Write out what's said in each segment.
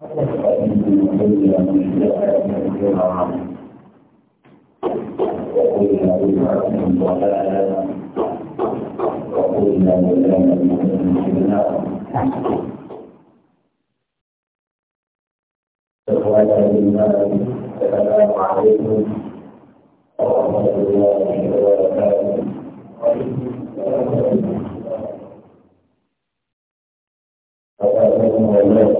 السلام عليكم ورحمة الله وبركاته وعليكم السلام ورحمة الله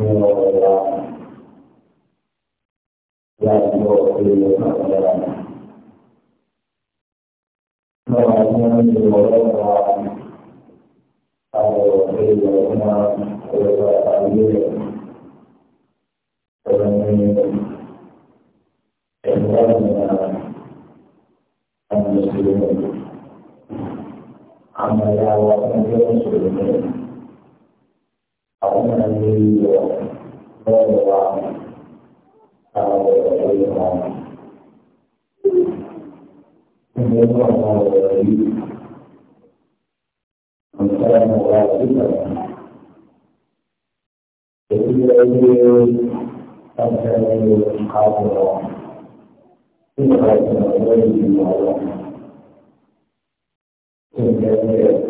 Nueva la gloria Nueva de Europa, a los que una prueba también, pero en la en los que amaba a Dios y أعلم الذي لا يرى أو يرى إن يرى ما يرى من كان غالبا يريد أن يكون قادرا إن غالبا غير الله إن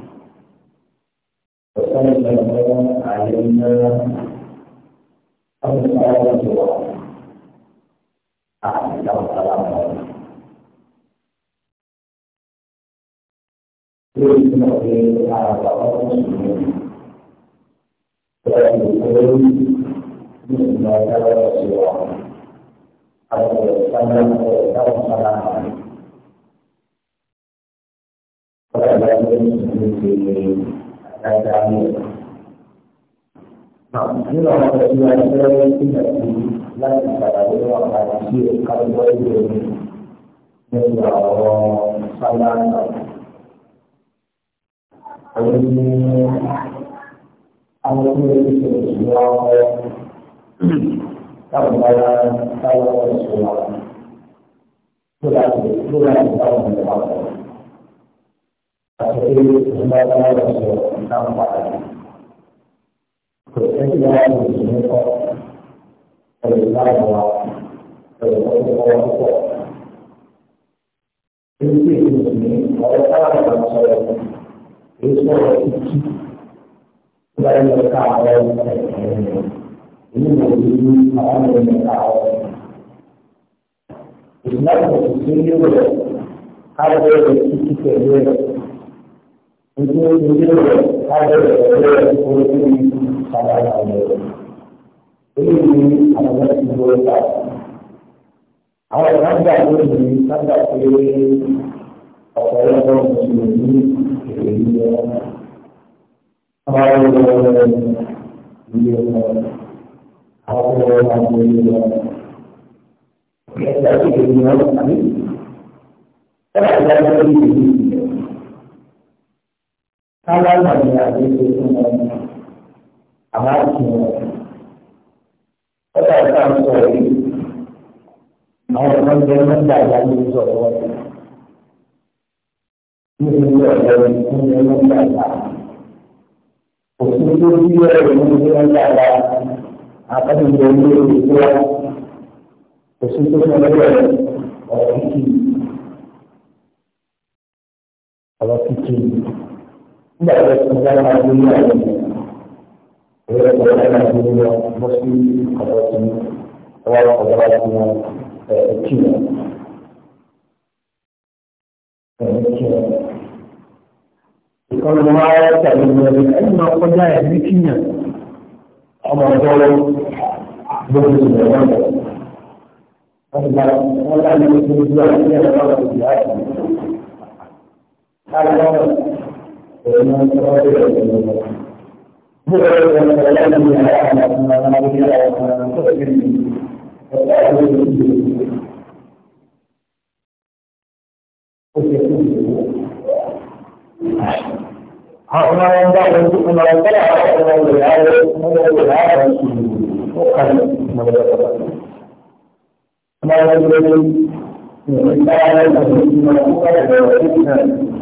وسلم علينا أن تعرض أحسن كلام يمكن أن أعرف المسلمين وأن يكون مما يرى سواه أو يتكلم ويتوصل عنه وأن يكون dáadáa ní ọ̀la. Nínú àwọn ọ̀sẹ̀ tí wọ́n fẹ́ sílẹ̀ sí láti ṣàlàyé wọn àti sí kájọ́ ìlú omi nípa ọ̀rọ̀ sáláńtà. Òun ni àwọn tí wọ́n ti ṣe ìṣúná ọ̀rọ̀ táwọn bá sáláńtà ìṣúná ọ̀rọ̀. Lóla ti lóla bá wọn lọ́wọ́. Àti pé ìṣúná ọ̀rọ̀ sọ̀rọ̀. táwọn pàtàkì. Kò sẹ́kì láwọn mùsùlùmí kọ́ ẹ̀rọ láwọn wa ẹ̀rọ lọ́wọ́ ọwọ́ púpọ̀. Èyí tí èyí mùsùlùmí ọ̀rọ̀ táwọn ọ̀rọ̀ sọ̀rọ̀ èyí sọ̀rọ̀ ìtú. Nígbà yẹn lọ ká àwọn ẹ̀rọ èyí mọ̀ ní àwọn ẹ̀rọ ká àwọn ẹ̀rọ. Ìgbà yẹn lọ sí ilé rẹ̀ ká bẹ̀rẹ̀ títí pẹ̀lú ìdí ìdí rẹ̀ lábẹ́rẹ̀ ẹ̀rẹ́ orí sábà àwọn ẹ̀rọ. Èyí ni àwọn ti gbọ́ ẹ̀ka. Àwọn ìran gbà tó di sábà pé ọ̀pọ̀lọpọ̀ mùsùlùmí èrè ní wọn. Àwọn ọmọ ọmọ ilé wọn, àwọn ọmọ ọmọ ilé wọn. Ẹ̀ka ìgbèrè wọn tàbí ẹ̀ka ìgbèrè wọn. káwá wà ní àgbègbè tó ń wọn àmọ́ kì í wọn. ọ̀dà ìta ń sọ èyí àwọn ọmọ ìjọ mẹ́ta ìyáálé ń sọ̀rọ̀ wọn. níbi ìlú ọ̀dọ́ ni wọ́n yẹ mẹ́ta ìyá. tidak ada sejarah dunia ini. Oleh kerana dunia mesti kawasan awal kawasan China. China. Kalau mahal tak boleh, ini nak kerja di China. Amal jalan boleh semua. Kalau orang yang berjuang dia dapat dihasilkan. Kalau هؤلاء ينبغي أن من طلع هؤلاء الرعاية من الرعاية وقال ما بدأ ما يجب أن يكون هناك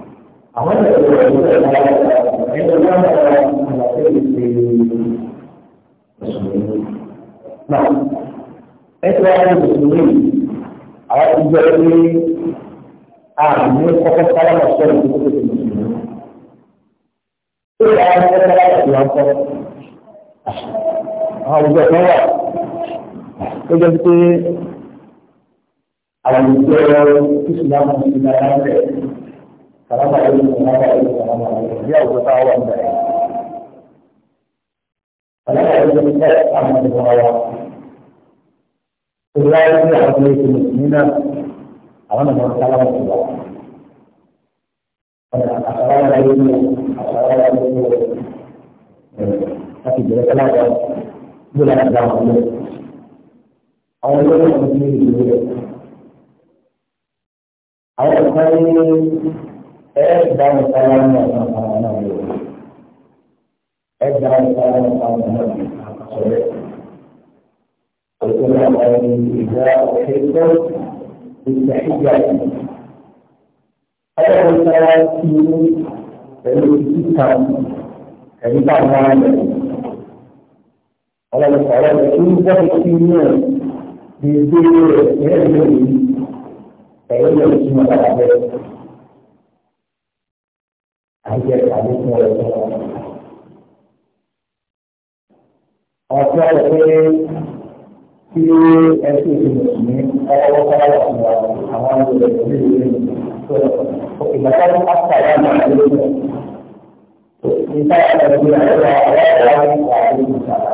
àwọn ìṣẹ̀lẹ̀ rẹ̀ ló fẹ́ máa ẹni wọ́n máa ra àwọn àtẹ́lẹ̀ ṣe mùsùlùmí. náà ẹ̀sìn wa ní mùsùlùmí àwọn ti jẹ́ pé àmì kọ́kọ́ sálámà sọ̀rọ̀ tó kókó ti mùsùlùmí. ó yà á fẹ́ sálámà sí wọn kọ́. àwọn àwùjọ kan wà ó jẹ́ pé àwọn ìjọ ìsìlámù ìsìlámù rẹ̀. salamu alaikum salamu alaikum salamu alaikum ya wuce ta hawa da ya salamu alaikum ta amma da hawa Turai ne a wani yake mutumina a wannan wani salamu da ba. Assalamu alaikum, assalamu alaikum. Tapi bila kalau ada bulan ada orang ni, orang ni mesti dia. Awak kau ẹ̀ẹ́dá ìpàlà náà náà náà lò ẹ̀ẹ́dá ìpàlà náà náà lò sọ̀rọ̀ òṣèlú àwọn ìgbà òṣèlú ìgbà ìgbà ọlọ́run sára sí inú pẹ̀lú títà ẹ̀rí bá wọn rẹ̀ ọlọ́run sára sí inú bọ́ọ̀lù sí inú ẹ̀ ní ìgbéró rẹ̀ ní ẹ̀rí lónìí ẹ̀rí lónìí sí wọn lára bẹ́ẹ̀. àjẹ tàbí fún ẹ fún ọ. ọ̀pọ̀ rẹ̀ pé kí ẹsẹ̀ ìmùsùnmí ọwọ́ sára wà fún wa àwọn àgbẹ̀ ìlú ìlú tó ìgbàgbọ́ ní pásítà yà máa ń lé lọ. Nígbà tí a ti rí àwọn ọ̀rọ̀ wa ní àárín ìsàlà.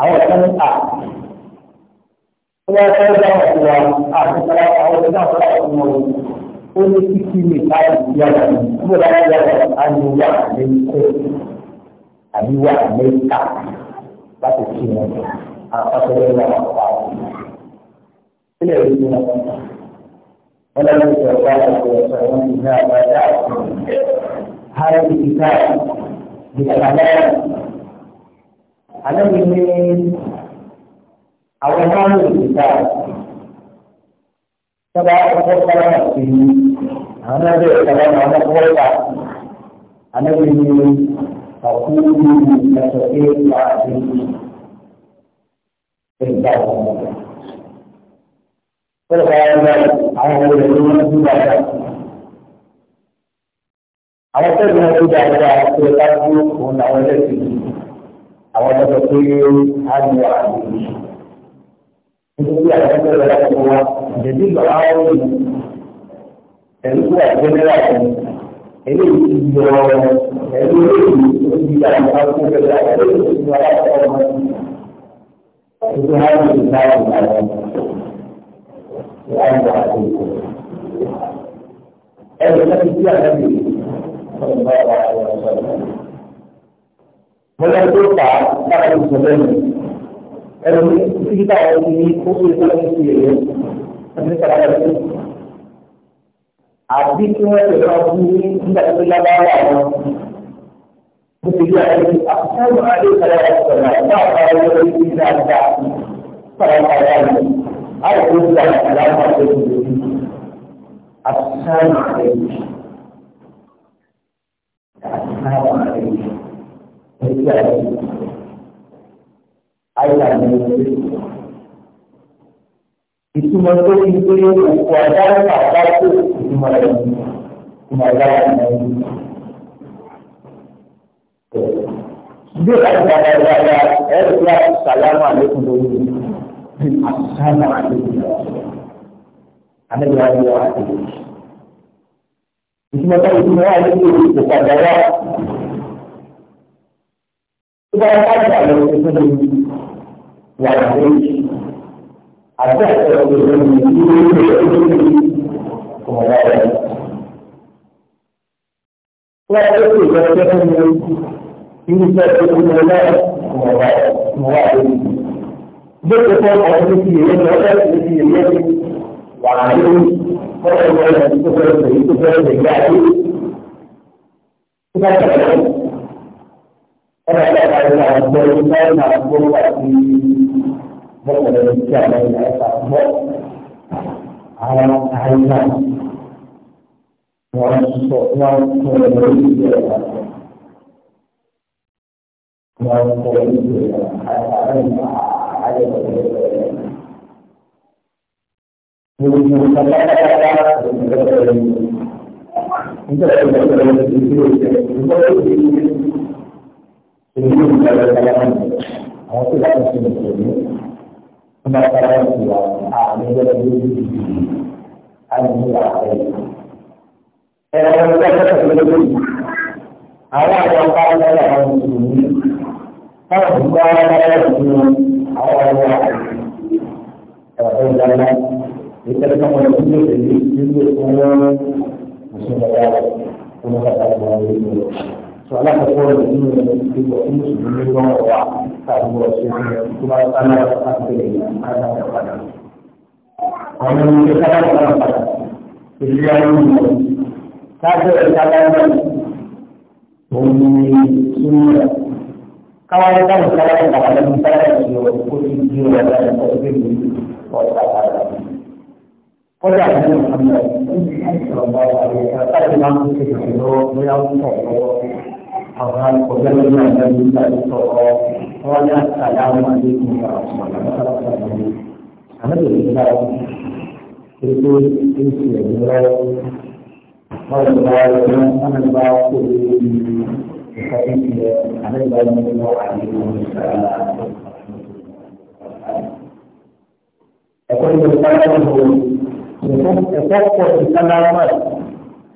Àwọn ọ̀sán ní à. Ó yẹ kí wọ́n dáhùn sí wa àti ìsàlà àwọn ọ̀sán náà sọ̀rọ̀ fún wọn ó ní títí lè káyọ̀ yára ní ìgbọ́dọ̀ yára á ní wà lẹ́yìnkọ́ àbí wà lẹ́yìnká láti kí wọn àpapọ̀lẹ́ náà pa ọ́. Ilé ìwé ni wọ́n wọ́n lọ́wọ́ ní sọ̀rọ̀ bá wọn wọn ti ní àbájá àti hàrẹ́ ti ká ìtàlẹ́ àlẹ́ mi ní àwọn máa ń lò ní ká tọ́ba ọkọ̀ sára sí i àwọn náà bẹ̀rẹ̀ sábà náà wọ́n kọ́ ọ̀tà anábìrin ní ọ̀kú ní ẹ̀sọ̀ pé wà á ti ṣe ìgbà wọn. Fẹ́rẹ̀ bá wọn bá àwọn ọmọ rẹ̀ ní wọ́n ti dáadáa. Àwọn tẹ́lẹ̀ wọn ti dáadáa ṣe é bá dúró òun àwọn ẹlẹ́sìn àwọn ọmọ rẹ̀ pé á ní wà á ti ṣe. Kemudian ada kepada semua Jadi kalau ini Dan itu adalah generasi Ini video Jadi ini Kita akan kepada semua orang Tuhan yang kita lakukan Tuhan yang kita lakukan Eh, kita tidak lagi Mereka berdua Mereka berdua Mereka berdua kalau kita kita hari ini fokus pada misi ini, kami tidak ada lagi. Abdi semua sekarang ini tidak terlalu lama. Mesti dia ada lagi. Apa yang ada pada orang lain? Apa yang ada di sini ada? Para para ini. Ada juga dalam hati ini. Apa yang ada di sini? Apa yang ada di sini? Mesti ada ayahnya itu. Itu maksud itu kuatkan pada itu kemarahan, kemarahan itu. Jangan jangan jangan, elok salam alaikum dulu, assalamualaikum. Anak jangan jangan itu. Itu maksud itu yang itu kuatkan. Sebab apa? Kalau وعليه أتحسب بالذنب لا تكتب التهم ينسب المولى مواعظ ذكر فوق التي يد وشك التي يد وعليه فوق المولى يكفر يكفر بالجعل تكفر أنا لا أعلم أن الله أكبر وأكبر bọ́kọ̀lẹ̀ ní kí àwọn ilẹ̀ ẹ̀ka bọ́ àwọn àìsà wọn sọ wọn sọ ẹ̀rọ ìdíje ẹ̀ka wọn sọ ẹ̀rọ ìdíje ẹ̀ka àìsà àìsà àìsà Gbogbo ìpàdánù ara rẹ̀ ń bẹ̀rẹ̀ lórí. Nítorí ìgbàgbọ́ rẹ̀ ti di ìgbésẹ̀, ìgbàgbọ́ rẹ̀ ti di ìgbésẹ̀. Èyí ni ìgbàgbọ́ rẹ̀ ti di ìgbésẹ̀. Àwọn tó yàtọ̀ sí ìgbésẹ̀ yìí. kuma tsarar kuwa a ne da yi an yi a kai ẹ̀rọ ẹ̀rọ ẹ̀rọ ẹ̀rọ ẹ̀rọ àwọn àwọn ọ̀páwọn ẹ̀rọ àwọn mùsùlùmí táwọn ti gbọ́ ara ẹ̀rọ ìlú àwọn ọ̀rọ̀ ẹ̀rọ ẹ̀rọ ìlànà ìtẹ́lẹ̀ náà wọ́n ti lè lè lè lè fún wọn mùsùlùmí ọ̀rọ̀ ọ̀rọ̀ ọ̀rọ̀ ọ̀rọ̀ to ala ka kowa da ilimin da suke da kuma su ne ruwan wa sabuwa su ne kuma ana da aka yi ana da fada wannan i ne ka da fada to shi ya yi ne ta ce da ta da ne wani sunna yi kawai ta da ta da ba da ta da shi wa ko shi ji o wa da ta da ne wa ta da ko da ne Muhammad sallallahu alaihi wa sallam ta da ma ku ce da shi no mu ya wuce حرام وجمع النبي صلى قال السلام عليكم ورحمه الله وبركاته الحمد لله يقول انس قال الله انا الباقي بحديث عن النبي عليه الصلاه يقول القائل يفكر في السماوات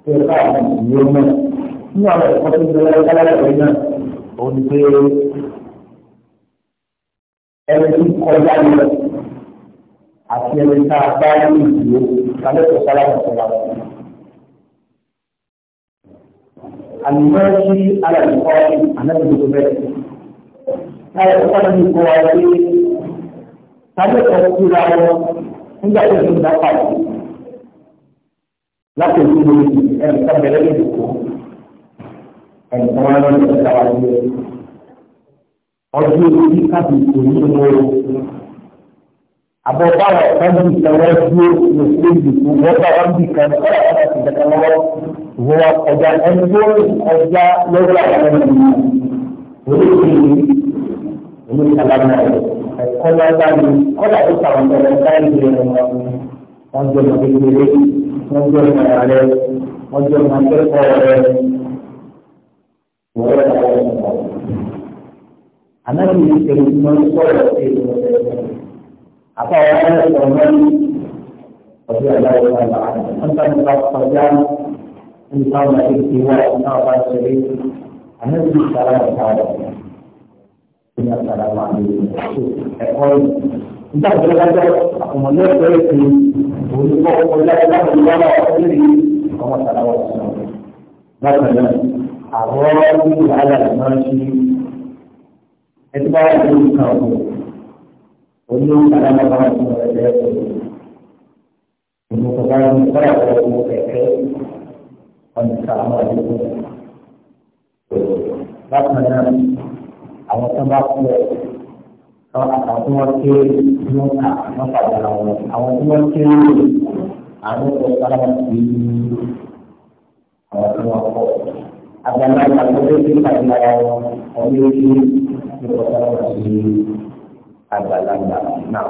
في القائل يوم ní àwọn ẹ̀kọ́ tó gbé wáyé kálátàwé náà ó ní pé ẹni tí kọjá lọ àti ẹni tá a bá ní ìdúró kálẹ́tọ̀ sálámù sọ̀rọ̀ àwọn ọ̀nà. àlùmọ́ sí alàlùkọ́ ànábìdókò bẹ́ẹ̀. Láyé ọ̀pọ̀ náà ní kó wa pé kálẹ́tọ̀ kúra wọn nígbà tó ń dá pàdé. Láti ìlú ẹ̀ka bẹ̀rẹ̀ lè dùkú ẹ̀sán ìtàwájú ọdún orí káàdì òní ìmọ̀ọ́ àbọ̀ báwọn káàdì ìtàwá dúró ló ṣe é dìbò wọ́n bá wọn bì kan ọ̀rọ̀ ọ̀rọ̀ ti dẹ̀ka lọ́wọ́ ìwọ́n wa kọjá ẹni tó kọjá lọ́wọ́ àwọn ẹni orí ìlú orí ìtàlámà ẹ̀kọ́ lọ́wọ́ ni kọ́dà tó tàwọn ọ̀rọ̀ ẹ̀ká ìlú ẹ̀rọ wọn jẹ́ ọmọ kékeré wọ́n jẹ́ ọmọ ẹ̀rọ rẹ wọ́n jẹ́ ọmọ akẹ́kọ̀ọ́ rẹ wọ́n yà wọ́n ń bọ̀. Ànábi yìí ṣe ní wọ́n sọ̀rọ̀ sí ìlú àbá wọn yà sọ̀rọ̀ wọn ní ọdún àgbáyé wọn là wọn bá nípa kọjá nípa wọn àti ìwà náà bá ṣeré ànábi yìí sára ọ̀tá rẹ̀ ní àtàrà wọn àti ẹ̀kọ́ yìí. Nígbà tó lọ́jọ́ àkùnmọ̀lé ọ̀pẹ̀ ètò olùkọ́ ọkọ̀ láti láti wọ́n náà ọdún yìí ọmọ sàrà wọn sọ̀rọ̀. Bákan náà. Allah itu adalah manusia. Itu bahaya untuk kamu. Kamu tidak mampu mengajar kamu. Kamu bukan orang yang berpikir sama itu. Bagaimana awak sembah tu? Kalau awak semua kiri, semua apa dalam awak? Awak semua kiri, awak bukan orang yang berpikir. Awak semua kiri. agama takutnya kita mau memiliki di agama nah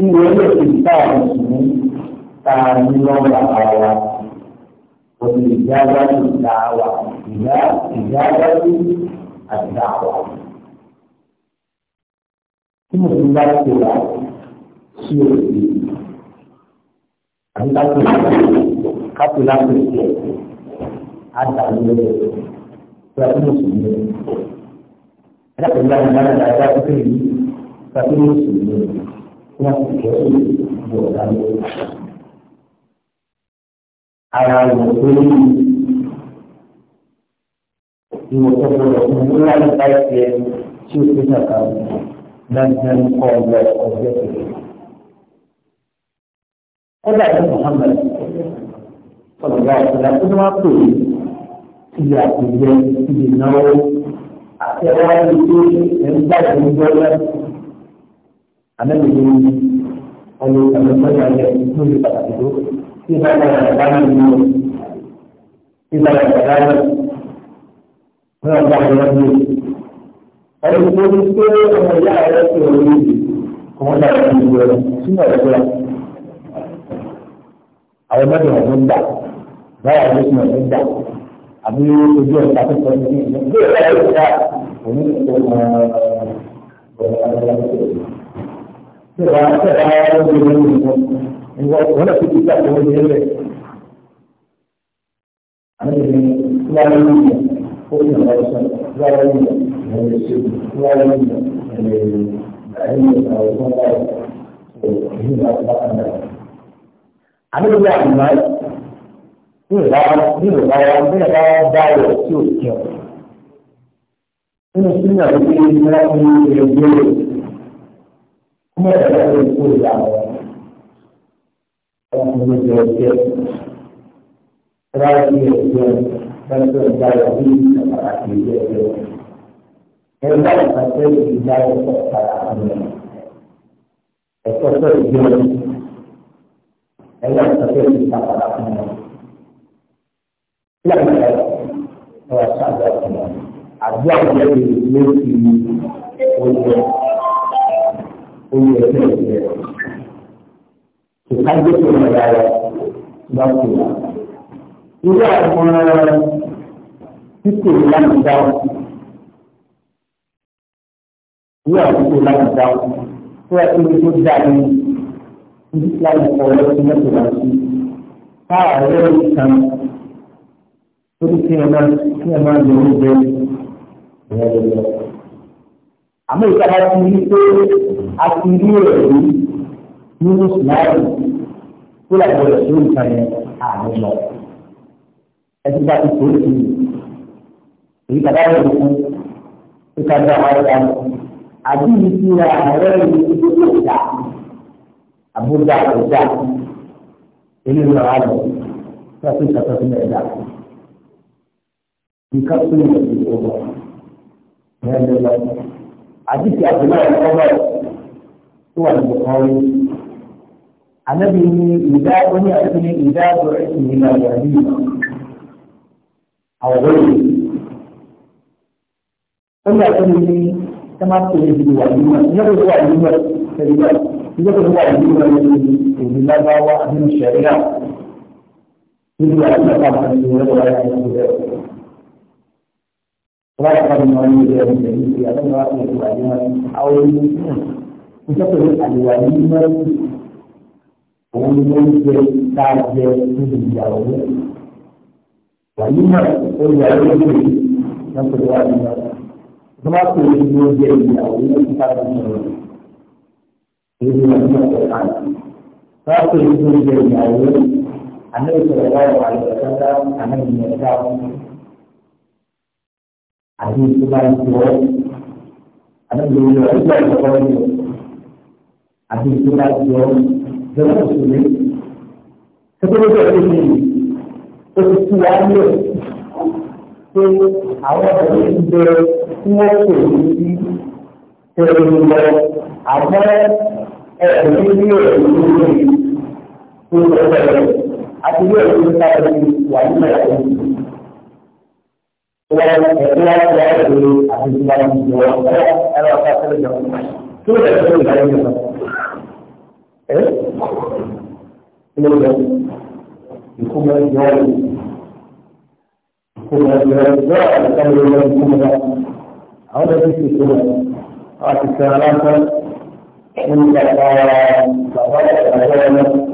ini kita ini kami membawa penjaga dakwah dia penjaga dakwah ini sudah kita siap Kita pulang ke sini àtàlùwẹ̀ pẹ̀lú mùsùlùmí. ẹ̀dá pẹ̀lú àwọn ọmọ náà dáadáa tó kéde yìí pẹ̀lú mùsùlùmí tí wọ́n ti kẹ́ sí ìbò ọ̀gá lọ. ara ìwọ̀n tó ní ìwọ̀n tó gbọdọ̀ fún un láti bá ẹsẹ̀ ẹni tí ó fi nàkà dandan kọ́ ọ̀gbẹ́ ọ̀gbẹ́ kẹ̀kẹ́. kódà ní Muhammad sọ̀rọ̀ bá ọ̀sẹ̀ láti máa pè ibi àtijọ́ ibi ìnáwó àti ẹ̀rọ ayé tó ẹ̀ńgbà ìgbẹ́jọ́ rẹ̀ anábìyẹn ọ̀nà ìgbàlódé ayé tó lè pàtàkì tó tí ìgbà ìgbà ìgbà ìgbà ìgbà ìgbà ìgbà ìgbà ìgbà wọ́n yà gbà wọ́n lé ẹni tó ní pé ọmọ ìyá rẹ̀ ti rọ̀ lórí ọmọ ìyá rẹ̀ ti rọ̀ sínú ọ̀rẹ́ rẹ̀ àwọn mẹ́tò ọ̀dún gbà báyà ló sínú ọ̀dún gbà. àbí ojú ọ̀sà tó sọ ní ìlú ìgbà òní tó mọ ọ̀rọ̀ ayẹyẹ tó ṣe wà á tẹ̀lé ara wọn bí wọ́n ń bọ̀ ìwọ wọn lè fi ti sá àwọn ọmọdé rẹ̀ àwọn ènìyàn lára ń bọ̀ ó ní ọ̀rọ̀ sọ lára ń bọ̀ ẹ̀rọ ṣe lára ń bọ̀ ẹ̀rọ ẹ̀rọ ìgbàlódé ọ̀rọ̀ sọ lára ń bọ̀ ẹ̀rọ ìgbàlódé ọ̀rọ̀ sọ lára ń bọ̀ mà mà nínú ìdáwọ́ nínú ìdáwọ́ nínú ìdáwọ́ dáwọ́ tí ò jẹ́ nínú sínú ìdí ìdílé ní ìlú ìlú ní ẹ̀rọ ìkó ìyàwó ọmọ mi jẹ ọjẹ ráàyè ọjẹ lọ́sọ̀ ìdáwọ́ ní ìpàtàkì ìjẹ ọjẹ ẹ̀rọ ìpàtàkì ìdáwọ́ ọ̀tàrà àmì ẹ̀kọ́ sọ̀rọ̀ ìjẹ ọjẹ ẹ̀rọ ìpàtàkì ìdáwọ́ ọ̀tàrà àmì. lẹ́yìn ọ̀rọ̀ ṣáàbà ọ̀nà àbí àwọn ẹgbẹ́ ló fi oúnjẹ oúnjẹ ẹgbẹ́ ìgbẹ́ ìka gbé tó ń ra rẹ̀ bá tó wà. Irú àwọn títò láti dáhùn irú àwọn títò láti dáhùn tó ẹ kí torí kí ẹ máa kí ẹ máa lè oúnjẹ ìyẹn lè lọ. àmọ́ ìtara ti rí pé a ti rí ẹ̀rí nínú sùláì tó làwọn ọ̀rọ̀ tó ń kan yẹn àmì lọ. ẹtí bá ti tó ti èyí kàdá rẹ̀ lókun tó ká dá wáyé dá lọ. àbí mi ti ra àárẹ̀ yìí tó tó dà àbúdá àbúdá èyí ló ra wá lọ. Tí a ti ṣàtọ́ sílẹ̀ dà. بكسر الكبرى هذا حديث عبد الله بن عمر هو البخاري عن ابي اذا بني ابني اذا دعيت الى وليمه او غيره قلنا ابني كما تقول في الوليمه يقول هو الوليمه كلمات يقول هو الوليمه من الله ومن الشريعه يقول هو الوليمه wọ́n yà kọ́ni wọn yóò yẹ ọ̀rọ̀ yìí ṣe àtọ́nà wa kọ́ni wà ní wọn àwọn ẹni nítorí àlùwà ní wọn òun ni wọ́n jẹ dáadé níbi ìyàwó wà ní wọn olùyàwó yìí nítorí wà ní wọn wọ́n máa kó ní wọ́n jẹ ìyàwó ní kíkà tó ń sọ̀rọ̀ èyí wọn ní ọ̀pọ̀ kan wọ́n máa kó ní wọ́n jẹ ìyàwó àná ìṣòro wà wà lọ́sọ̀rọ̀ àná ìyẹn dáwọn àti ìtura ìtura àdàbò ìlú ọjọ́ ìkọ́kọ́ ìlú àti ìtura ìtura ìjọba òṣèlú sẹkẹrẹtì ọdún yìí ó ti tú wa lé pé àwọn ọ̀rẹ́ ń bẹ tí wọ́n kò ní sí tẹ̀lé lọ àmọ́ ẹ̀rí ní ẹ̀rí lórí tó lọ́wọ́ àti ilé ẹ̀rí nípa ẹ̀rí wà nílẹ̀ ẹ̀rí. يكون الجوال يكون الجوال جوال كان يقول يكون هذا في السنة هذه السنة من تقارب تقارب الجوال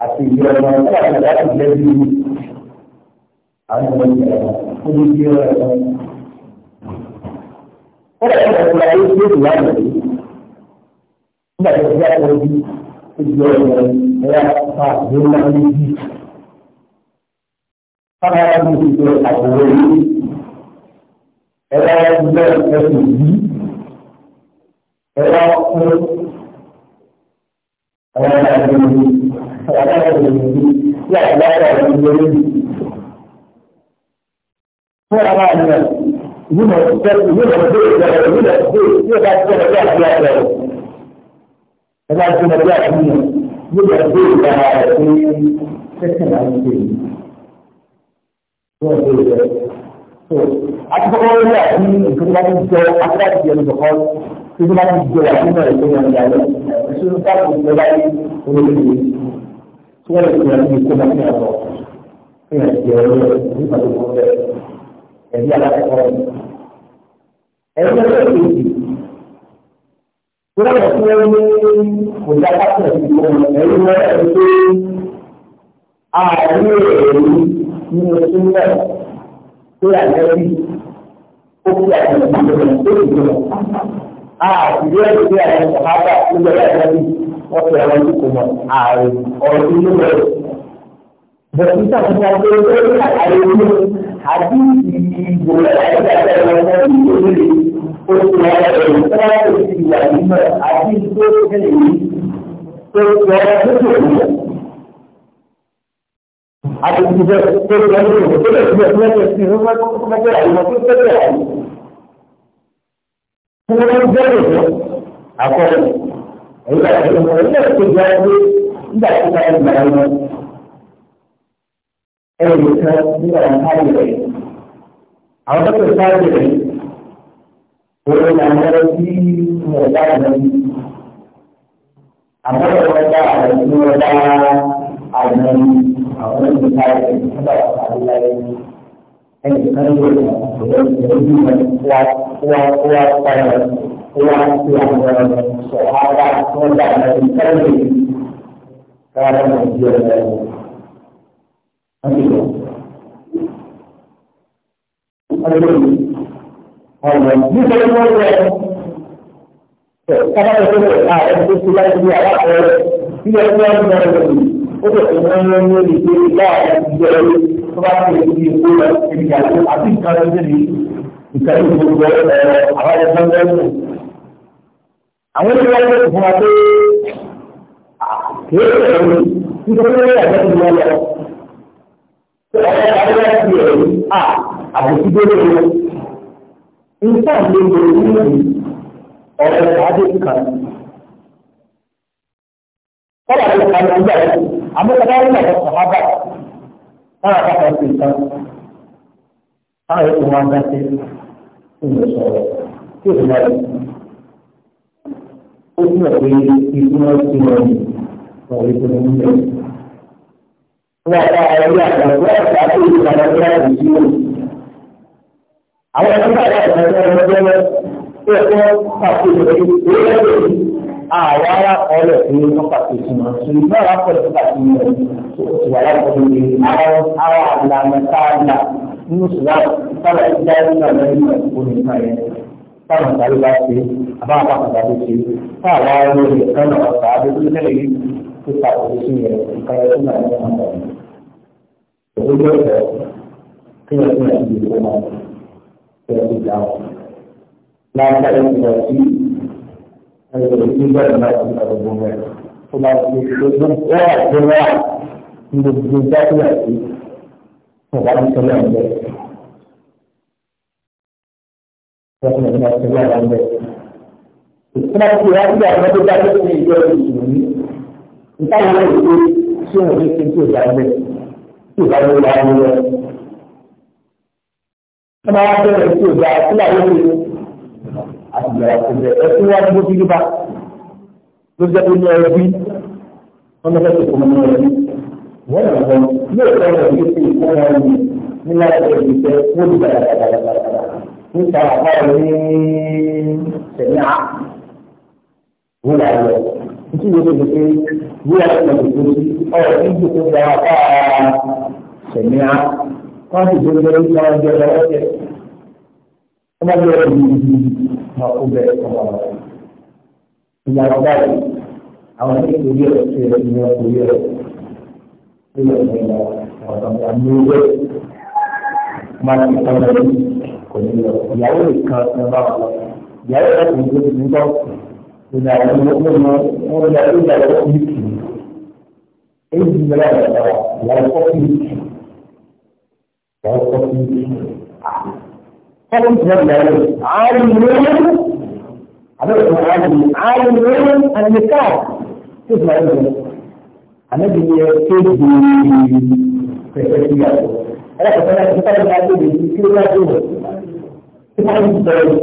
أتي الجوال أتي الجوال àwọn ọmọ ìgbà yẹn ó lè fi ọ̀rọ̀ ẹ̀ lọ́wọ́. ó lè fún ọ̀rọ̀ ayé tí ó ti wá lọ́wọ́ nígbà tó ti yàtọ̀ ojú ó ti ọ̀rọ̀ ẹ̀ ẹ̀yà pa àdéhùn náà ní bí. Fáwọn ará mi ti sọ àbúrò yìí. Ẹ̀rọ ẹgbẹ́ ẹ̀sìn yìí. Ẹ̀rọ ọkùnrin àwọn ará mi ti sọ àbúrò yìí. Yàrá ìgbà tó ń lórí fúnra máa ní ẹ̀ ìwúlò ìfẹ́ ìwúlò ìfẹ́ ìjọba ìwúlò ìfẹ́ ìwúlò ìfẹ́ ìjọba bí àti àti ẹ̀rọ ẹ bá ti lọ́jọ́ àti ìyẹn ìwúlò ìfẹ́ ìjọba rẹ̀ pé sẹ́sẹ̀ náà ń ṣe yìí wọ́n ṣe ìfẹ́ so àti kọ́kọ́ wọlé àti ìfúnra ti jọ akọ́kọ́ àti ìyẹn lọ́kọ́ ìfúnra ti jọ àti ìyẹn lọ́kọ́ ìyẹn lọ́kọ́ ìṣúná táàkì ìjọba yìí olóyè tí wọ́n lè fi àti ìkó ẹ̀rí alákọ̀ọ́ rẹ̀. ẹ̀rí ẹlẹ́kẹ̀ẹ́jì tó lọ́wọ́ tí wọ́n ní kò dá pátá ìdìbò ẹ̀rí wọn ẹ̀rí pé ààrẹ ẹ̀rí nínú súnmọ́ tó yà lẹ́rí ó fi àyè ìdìbò tó ìdìbò. ààrẹ ẹ̀rí pé àyè ìdìbò wọ́n fi àwọn ìdìbò mọ́ ọ̀rọ̀ ìdìbò rẹ̀. Berita tentang itu hari ini hadis di bulan Ramadan itu ini Usaha Ultra Usia Lima Hadis itu ini Usaha Ultra Hadis juga Usaha Ultra Usia Lima Hadis itu Kemudian jadi apa? Ini adalah kerja kita yang berlaku. ẹnìkan nígbà wọn káyọ̀ rẹ̀. àwọn tó tó káyọ̀ rẹ̀ òun là người người đi ń lọ sí ọ̀dà ìlú. àbọ̀dọ̀ wọn bá àwọn tí wọ́n bá àwọn àwọn tó káyọ̀ rẹ̀ nígbà wọn káyọ̀ rẹ̀. ẹnìkan ló ń lọ sí ọ̀dà ìlú wa pàrọ̀ wa ti àwọn sọ̀hárà tó ń dà lọ sí kẹ́lẹ́. káwọn ọmọ ìdí ọ̀dà ìlú. ọ̀rọ̀ nítorí wọ́n rẹ̀ kábàá tó rẹ̀ ààrẹ tó ti láti bí aláàbọ̀ rẹ̀ bí ẹ fẹ́ ń bọ̀ rẹ̀ ó lè fi wọ́n rẹ̀ ní olè tó láàrin ìjọ rẹ̀ tó bá ti lè fi ìkó rẹ̀ ìgbà tó àti nǹkan rẹ̀ níbi ìkàlù gbogbo ìlú wọn ọ̀rọ̀ ìdájọ́ ti rẹ̀ yìí à àbùkù gbélé wọn. Nǹkan ló ń bẹ̀rẹ̀ nínú ọ̀rọ̀ ìdájọ́ kan. Kọ́lá ló ka ló ń gbà yìí, àmọ́ kọ́lá ló ń bàtà sọ̀rọ̀ bá wọn àpapọ̀ sí nǹkan. Táwọn ètò wọn dá sí ìlú sọ̀rọ̀ tí Àwọn ọmọdé tí ẹ̀kọ́ pàṣẹ ìròyìn tí wọ́n pàṣẹ ìtumọ̀ sí iná arákọọlẹ̀ àwọn ará àlànà káàlà nínú ìṣúná sábà ti dá nínú àwọn ẹni òní kan yẹn. Táwọn ìtàrí bá ṣe àbá ará ẹni kan náà sàá bí ó tẹ́lẹ̀ yìí tó ta òṣìṣẹ́ òun yóò fọ kí wọ́n fún ẹ̀sìn ìdìbò máa ń fẹ́ ẹ̀sìn wọn. Láńkà yóò fi hàn sí ẹ̀sìn ìdílé bẹ́ẹ̀ náà fún ẹ̀rọ̀gbọ rẹ̀. Ó máa fi gbogbo wọ́n àti wọ́n ní gbogbo dákúrà sí ọ̀gá ní sọ́lá ń bẹ̀. Wọ́n fún ẹ̀sìn Ìtura ti wá sí àwọn tó dájú sí ìjọ ìṣòwò ní. Ìtàwọn ọ̀rọ̀ ìgbé tí òun ní kí n tó dá bẹ́ẹ̀ tí ìbá ló wà ní rẹ̀. Ẹ máa wá bẹ̀rẹ̀ sí ìgbà Fúlàní ní àtìgbàrà kò bẹ̀ ẹ tí wọ́n bó bíbá ló jẹ́ pé ní ẹbí wọ́n lọ́fẹ́ tó kọ́ ní ẹbí. Wọ́n yà ọ̀rọ̀ ní gbogbo gbàrà bá sẹ̀mí á wọ́n ti gbogbo ẹni tí wọ́n jẹ lọ́wọ́ jẹ wọ́n bá jẹ́ ẹni yìí ma kó bẹ̀rẹ̀ kọ́ wọn. ìyàwó báyìí àwọn ní orí ẹ̀ ṣe ẹ̀ ní orí ẹ̀ ṣe ẹ̀ ní ọ̀sán àmì owó máa ti kọ́ lọ sí kò ní lọ ìyàwó nìkan ẹ̀ bá wọn ìyàwó ẹ̀ kò ní lọ sí nígbà tó ní àwọn ọmọ ọmọ ọmọ ìyàwó ìyàwó yìí kì باذن الله لا يستطيع لا يستطيع فقط لا عالم منهم حضرتك عالم عالم منهم النكاح تسمع ايه هنجي كيف بكيفيات انا كنت انا كنت انا قاعد في كل ما تقول تسمع ايه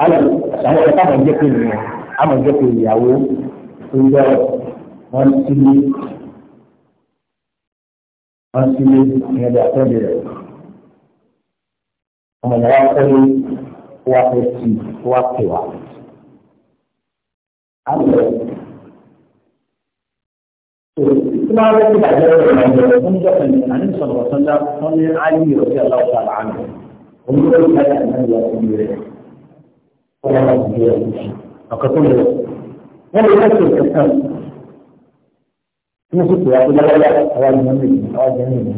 àwọn ẹ̀ka àwọn jẹ́ pé nìyẹn àmọ̀ jẹ́ pé ìyàwó tó ń bẹ̀rẹ̀ wọ́n ti ní wọ́n ti ní ìyẹn bí àtọ́jú rẹ̀. ọmọ ìyàwó akọ́lé wá fẹ́ sí wá pè wá. àbẹ̀ tí wọ́n fẹ́ sí ìdájọ́ rẹ̀ lọ́jọ́ rẹ̀ fún ìjọba ìlú àní sọ̀rọ̀ sọ́jà wọ́n ní ayé ìrọ̀lẹ́ aláwọ̀ sàlàánù. olùkọ́ ìdájọ́ ìdájọ́ ìdájọ́ rẹ̀. أقتله هل يمثل الكتاب نسيت يا أخي لا لا لا أوان جميل أوان جميل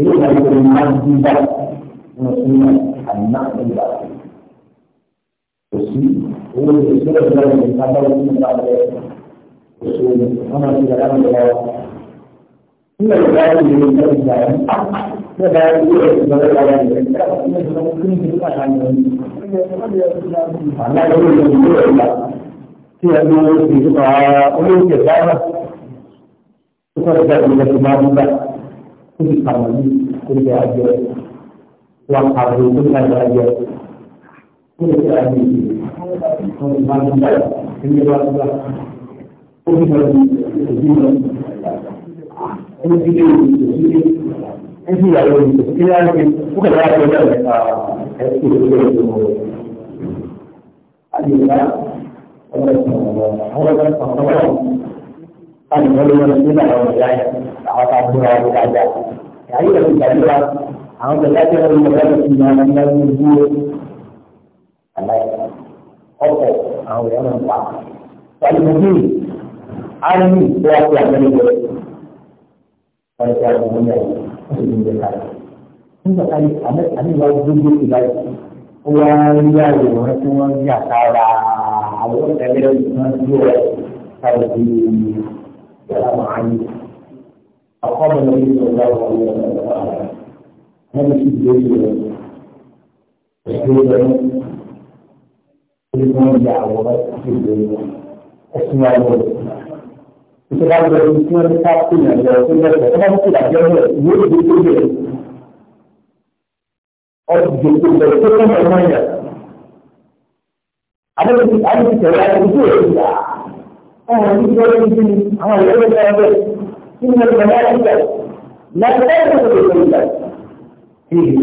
إلا أن يكون معهم بعض مسلمة عن معنى بعض وسي هو السورة التي تتابع من بعض وسي أنا في الأمر الله إلا الغالي من الإسلام لا يوجد غير الغالي من الإسلام ممكن أن يكون Àlá ìyàwó ìlú kí ni ń ṣe ó kẹ̀lé àjẹ náà ẹ̀kú ìlú ìlú àdìgbà ọ̀rọ̀ ọ̀rọ̀ láti wọ́n lé wọn sí ìlànà ọ̀gá yẹn àwọn tá a gbé wọn lọ́jà jà àyè rẹ̀ ti gbàdúrà àwọn tó láti wọn lọ́jà lọ sí ìlànà ọ̀gá yẹn dúró àlàyé ọkọ̀ àwọn èèyàn ń pa pàlùmọ́bí àrùn ìgbéwàsí àgbẹ̀lẹ̀ wọn ti àwọn ọmọ yẹn ó sì ń gbé kalẹ̀. nígbà tá a ní ìwà gbogbo ìbáyé wá ń yá ìwòrán tí wọ́n ń yà sára àwọn ẹgbẹ́ ìwòrán tí ó rẹ̀ sára sí ìyàrá màá ní. أقام النبي صلى الله عليه وسلم هذا في الدليل تشهيدا لمن يعوض في الدنيا أسماء الله Kita kalau berbicara tentang tina, kita kalau kita berbicara tentang tina, kita berbicara tentang ọ̀dùnkù bẹ̀rẹ̀ tó kọ́ ọmọ yẹn. Adébẹ̀tì Adébẹ̀tì tẹ̀lé àdúgbò rẹ̀ yá. Ọ̀hún ní kí wọ́n ti ní àwọn ìyá ẹgbẹ́ kan bẹ̀. Kí ni ẹgbẹ́ náà ti bẹ̀rẹ̀? Lẹ́gbẹ́ tó tó tó tó kí ni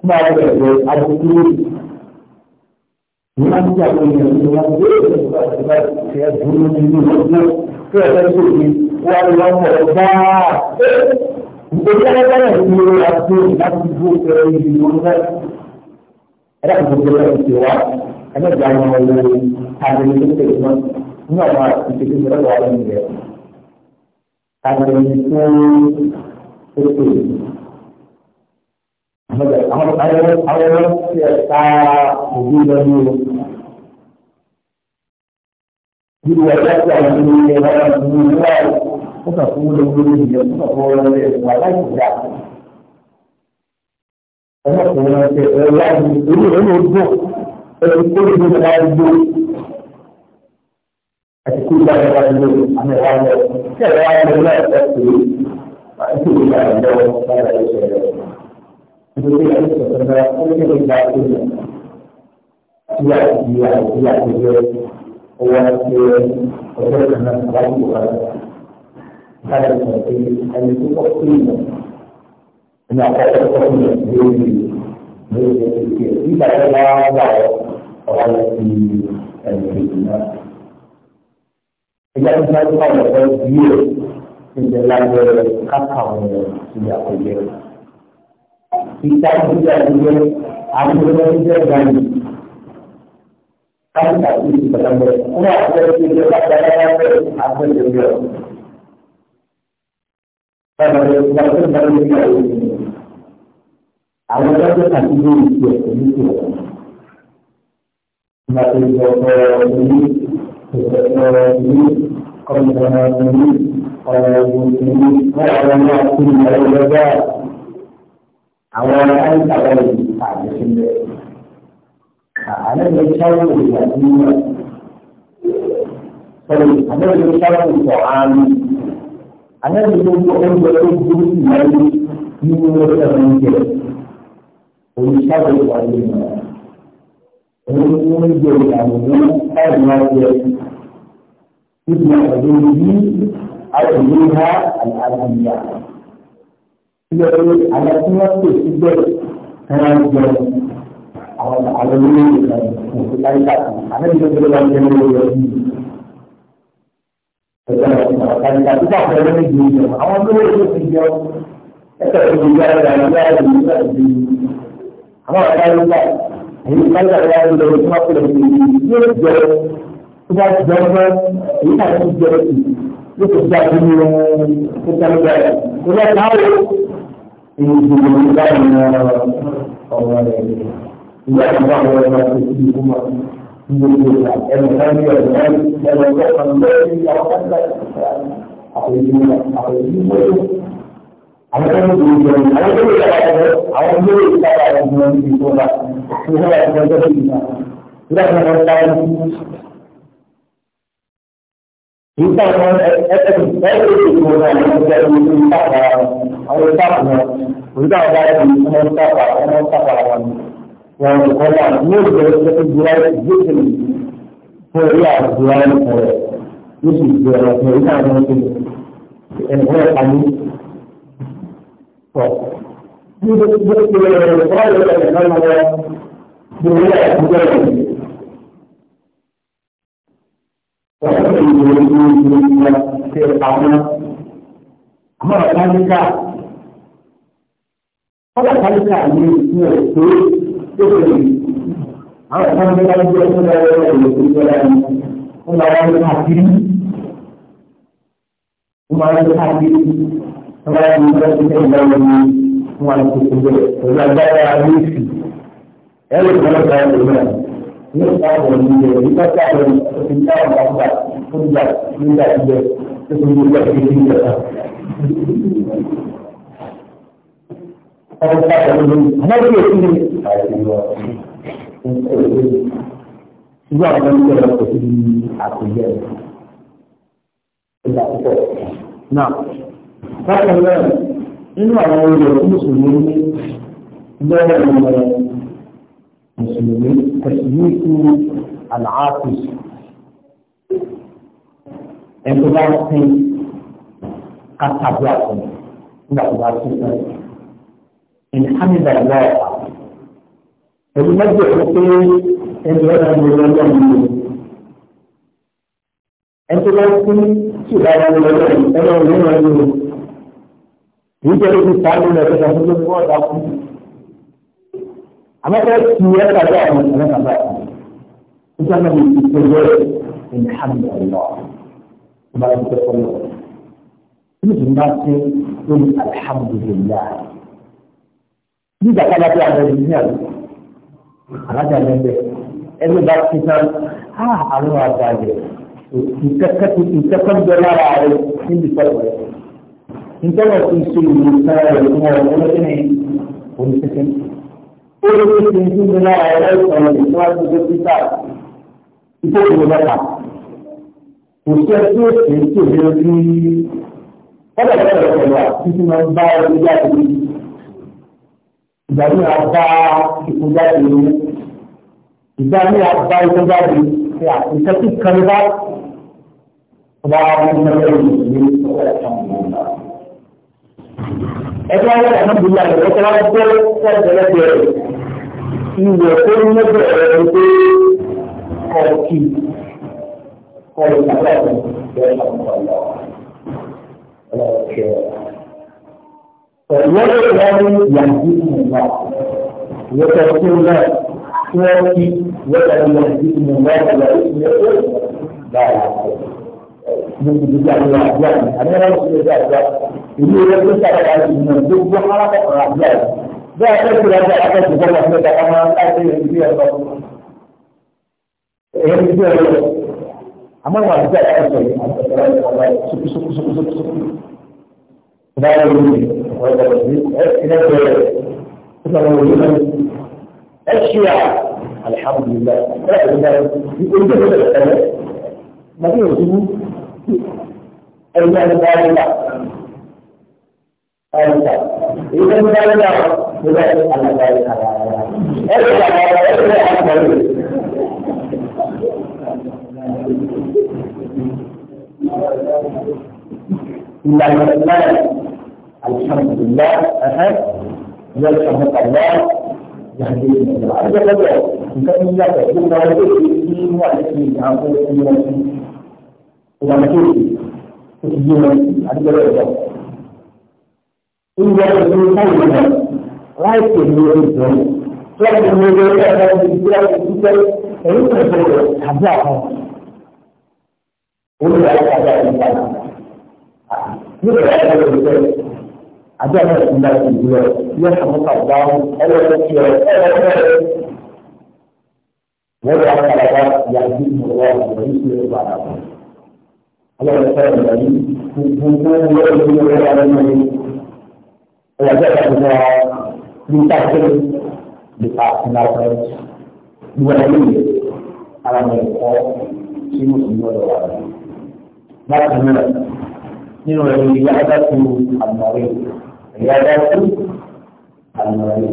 kuma ya da abokin wuri ni an ji abin da ne ya zo da su ba su ba su ya zo ne ne ne ko ya san su ne wa ya mu ba ko ya ga kana ne ya zo da su zo da yi ne ne ada kebetulan jiwa karena jangan melalui hari itu cuma nggak mau itu sudah orang dia hari itu itu àwọn ayẹyẹ ayẹyẹ ti ẹ̀ka òbí lọ́dún o. Bíbi ọjọ́ tí a lè ní ẹ̀rọ ìlú ìlú ẹ̀ ó kàn fún wọn lórí ìyẹn tó kàn fún wọn lórí ẹ̀sùn aláìsíra. Ẹ̀rọ ìlú ẹ̀ ẹ̀rọ láti orí ẹ̀rọ ìgbò ẹ̀rọ ìgbò ìgbò ìgbò ìgbò àti kú ìgbà ìgbà ìgbò àmì ìwà ìgbà tí ẹ̀rọ ìgbà ìgbà ìgbà ìgbà ìgbà ìgbà ìgbà ìgbà Itu dia itu sebenarnya ini tidak punya. Dia dia dia dia orang dia orang dengan orang bukan. Kalau seperti ini itu optimal. Kenapa optimal? Jadi jadi tidak ada orang di Indonesia. Jadi saya tahu kalau dia di dalam kata orang dia punya. kita juga dia ambil dari dia dan kan tak sih dalam kan dia enggak dari Orang dapat dari dia ambil dari orang karena dia tidak pun dari dia ambil dari dia tak sih dia dia dia dia mati dia dia dia dia dia dia dia dia dia dia dia dia dia dia dia dia dia dia dia àwọn aláìsàwọn ìlú àti ìṣẹ̀lẹ̀ àlejò sáwọn ìlú àti ìlú sọ̀rọ̀ àlejò sáwọn ìlú àmì àlejò tó ń bọ̀ oúnjẹ tó burú ìyáyé nínú ọjọ́ oúnjẹ olùsáwọn ìlú àti ìlú oúnjẹ oúnjẹ ìyàwó ẹ̀rọ ọjọ́ ìgbìyànjú yìí àti ìlú ha àti àlàyé àwọn. yẹ pé tí wọ́n pè síbẹ̀ wọ́n ń jẹ àwọn àwọn olóyè kan òkú láyé kàtó àmì ìjọba ìjọba ìjọba ìjọba ìjọba ìjọba ìjọba ìjọba ìjọba ìjọba ìjọba ìjọba ìjọba ìjọba àwọn olóyè tó ti jọ ẹsẹ̀ tó ti jọ ẹ̀rọ ìjọba ìjọba ìjọba ìjọba àwọn ọ̀gá ìjọba èyí káyọ̀ ìjọba ìjọba tí wọ́n pèlè ìjọba yóò jẹ tó bá jẹ ọgbẹ́ èyí kàtó ti jẹ yóò tó jẹ àdúgbò tó jẹ àdúgbò ìgbìmọ̀ nígbà ìrìnà ọ̀rọ̀ rẹ̀ ìgbà ìgbà ọ̀rọ̀ rẹ̀ ti fi ìlú mọ̀ nígbà ìgbà ẹ̀rọ sáyé ọ̀rọ̀ rẹ̀ ẹ̀rọ tó kàn lórí àwọn ọ̀gá àpèjìmọ̀ àpèjìmọ̀ àwọn tó ń gbé ìjọ ní àwọn tó ń gbé ìjọ àwọn tó ń gbé ìjọ àwọn tó ń gbé ìjọ àwọn tó ń gbé ìjọ àwọn tó ń gbé ìjọ Kita ekspektasi kita menjadi mustahil, mustahil, kita ada di mustahil, mustahil. Yang kita mesti jadi jual jual, korea jual korea, itu jual korea yang mesti. Yang korea kami, so, jadi jadi kalau kita kalau kita jual jual ọ̀rọ̀ ìwé ìwé ìwé ìwé ṣe pamọ́. Àmọ́ ọ̀tálíkà ọ̀rọ̀ ọ̀tálíkà ní ìsìn rẹ̀ pé tó lè àwọn ọ̀tálíkà ń jẹ́ fún ọ̀rọ̀ ìwé ìwé ìwé ìwé ó máa wá ní káàkiri ó máa wá ní káàkiri ó máa wá ní káàkiri ó yóò ká bọ̀ ní ilé rẹ̀ nígbà tí a bọ̀ ní ọ̀sẹ̀ ní àwọn àgbà tó ń jà nígbà tí bẹ̀ tó ń gbé ọ̀sẹ̀ ní ìjọ náà. Ọ̀sẹ̀ àgbà ló ń bọ̀ ní èsì ní àìsíwọ̀ ṣùgbọ́n àwọn ọmọ ìjọba kò sí àpèjẹ ìgbà púpọ̀. Náà, bákan náà, nínú àwọn olùdókòwò mùsùlùmí lọ́wọ́ ìmọ̀ مسلمين تسليك العاطس انتو باستين قد تبعكم انتو باستين ان حمد الله المجد حسين ان يرى من الله انتو باستين سبحان الله انا من الله يجري في الثاني لكي تحضر الله amma ta ki ya ka ga mun nan ba kusa ne ki ko ga alhamdulillah kuma ki ko Allah ni jin ba ce don alhamdulillah ni da kana ta da ni ne alaja ne be ẹni bá ti sọ ha àwọn àgbàjẹ ìkẹkẹtù ìkẹkẹgbẹlára rẹ níbi pẹ̀lú rẹ nítorí ọtí ṣe ìwòsàn rẹ fún ọ ọlọ́dún ní oníṣẹṣẹ ó ní kí n tún ní lára ẹ̀rọ ìsọ̀rọ̀ ìṣúwájú dókítà ìfowópamọ́ mẹ́ta. Kò sí ẹ tí ó sì ń tò ní orí ọ̀dọ̀ ìṣẹ̀lẹ̀ pẹ̀lú àti tí máa ń bá ẹni jáde ní ìgbà ní a bá ìfún jáde ní ìgbà ní a bá ìfún jáde ní ìṣẹ́ tí kan bá ọba ọmọ ẹgbẹ́ ìlú ní ọ̀dọ̀ ìṣẹ̀lẹ̀ ẹgbẹ́ wọn ní àná bùnú àgbẹ̀ tó wá gbé sẹ́ẹ̀dẹ̀lẹ́gbẹ̀ẹ́ ìwẹ̀ tó lẹ́gbẹ̀ ẹ̀rọ pé ọ̀kì ọ̀rọ̀ ìgbàlá Pẹ̀lú ọ̀rọ̀ ìyàjú ìmọ̀lá, ìwọ́ta tó lẹ́ tí wọ́n kí ìwọ́ta ìyàjú ìmọ̀lá ìgbàlá ìgbàlá ìgbàlá mungkin juga belajar. Ada orang sudah belajar. Ini dia pun tak ada ilmu. Dia bukan orang tak belajar. bẹ́ẹ̀ akẹ́kọ̀ọ́ láti akẹ́kọ̀ọ́ bọ́lá fún ẹ̀ka máa ń láti ẹ̀yẹ ìdí ẹ̀rọ ẹ̀yẹ ìdí ẹ̀rọ àmọ́ ìwà àti ẹ̀ka ẹ̀kọ́ yìí sókúsókúsókúsókú ìdáyà lórí ọ̀rọ̀ ẹ̀sìn ẹ̀ṣíà alihamudulilayi ẹ̀ṣíà alihamudulilayi ẹ̀ṣíà alihamudulilayi Ini kan kita ada kita ada kita ada. Eh kita ada kita ada kita ada. Bismillahirrahmanirrahim. Alhamdulillah. Aha. Ya Alhamdulillah. Jadi, ada juga. Kita ini ada. Kita ada di sini. Ada di sini. Ada di sini. Ada di sini. Ada di sini. Ada di sini. Ada di sini. Ada di sini. ìwé ìlú káyọ̀ láìpẹ́ ní ìjọ lọ́pọ̀ ní ìwé ẹ̀rọ ìdílé ìdílé èyí tó ṣe àbí àwọn olùdarí àbí àyíká nígbà tí a lè fẹ́ àbí àwọn ìdílé ìdílé yóò sọ̀rọ̀ ká gbá ẹlẹ́sẹ̀ tí ẹ ẹlẹ́sẹ̀ wọ́n yà wọ́n kàlàkà yàtí ìmọ̀lá ìmọ̀lá ìṣe ìgbà àbọ̀ ọlọ́run fẹ́ràn ìgbà yìí gbogbo owó ìwé ìwé ìwé ìwé wajah semua minta di partner dua ini alam mereka simus dua dolar. Maka benar, ini orang yang ada tu amari, ada tu amari.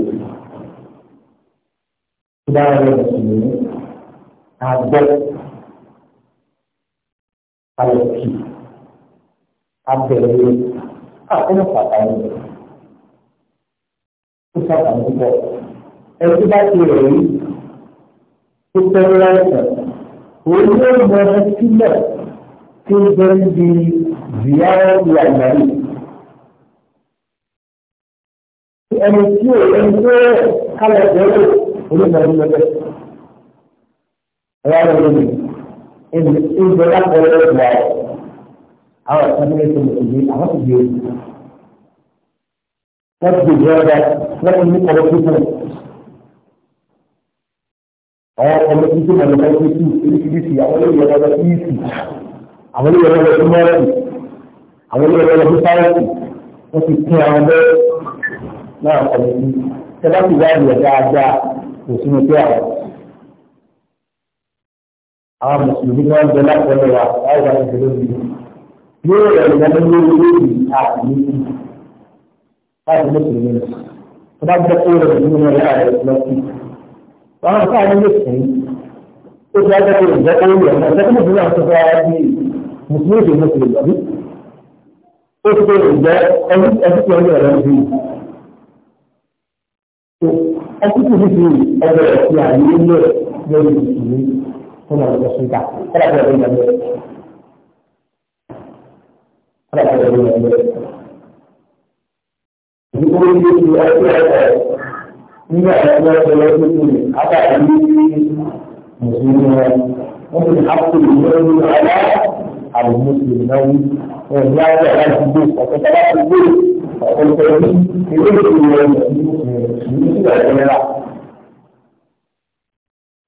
Sudah ada di sini, ada ada ada ada apa yang ó sàkàmù púpọ̀. Ẹtí bá ti rẹ̀ yìí tó tẹ́lẹ̀ láìpẹ́. Òun yóò mọ ẹ sílẹ̀ tí ó bẹ́ di ziyara ìlú àgbáyé. Ẹni tí ò ẹni tó rẹ̀ kálẹ̀ bẹ́ẹ̀ olùmọ̀ọ́dún lọ́bẹ̀. Ẹ̀rọ àwọn olómi ìgbẹ́ lápẹ̀rẹ̀ ìgbà àwọn ìsàmúlẹ̀ tó lè ṣe àwọn ìgbẹ́ òkú. E. Wọ́n ti gbèjọ́ e ọ̀dà lẹ́yìn ní kọ̀lọ́kítù àwọn kọ̀lọ́kítù mọ̀lẹ́ kọ̀lọ́kítù oríṣiríṣi àwọn olóyè ọ̀dọ́ ìsì àwọn olóyè ọ̀dọ́ tó mọ́ọ̀tì àwọn olóyè ọ̀dọ́ tó sáyẹ̀tì wọ́n ti pín àwọn bẹ́ẹ̀ náà kọ̀lọ́kítù tẹ́lá ti wá ìyẹ̀ dáadáa kò sínú pé àwọn àwọn mùsùlùmí náà ń bẹ lápẹ̀lẹ̀ wa láì wá ìṣẹ̀lẹ̀ òbí yóò rẹ̀ lọ́dún lórí lórí àtìlẹ́sìn láti mùsùlùmí é gbọ́ pé ọ̀rọ̀ ìlú náà yára rẹ̀ que sí. Wọ́n á sáà nílé sí ó ti que pé ìjọ tó yẹ ọ̀nà ìjọ tó mùsùlùmí que ọ̀sán ara bí mùsùlùmí tó mùsùlùmí lọ bí. que é pé ìjọ ẹni tí wọ́n yẹ ọ̀rọ̀ que é tó fi fi ọjọ́ que é àyè ilé lórí mùsùlùmí fún ọ̀rọ̀ lọ que é Kọ́lá nítorí ní oṣù ẹgbẹ́ nígbà tí wọ́n sọ lọ́dún tó lè mùsùlùmí wọn wọ́n ti hapò lórí ọ̀la àwọn mùsùlùmí náà wọ́n ní àwọn ọ̀la ìdúgbò ọ̀tọ̀ bá ti gbé ọ̀tọ̀ ní ilé ìdúró wọn ní ìlú sí ọ̀rẹ́ rà.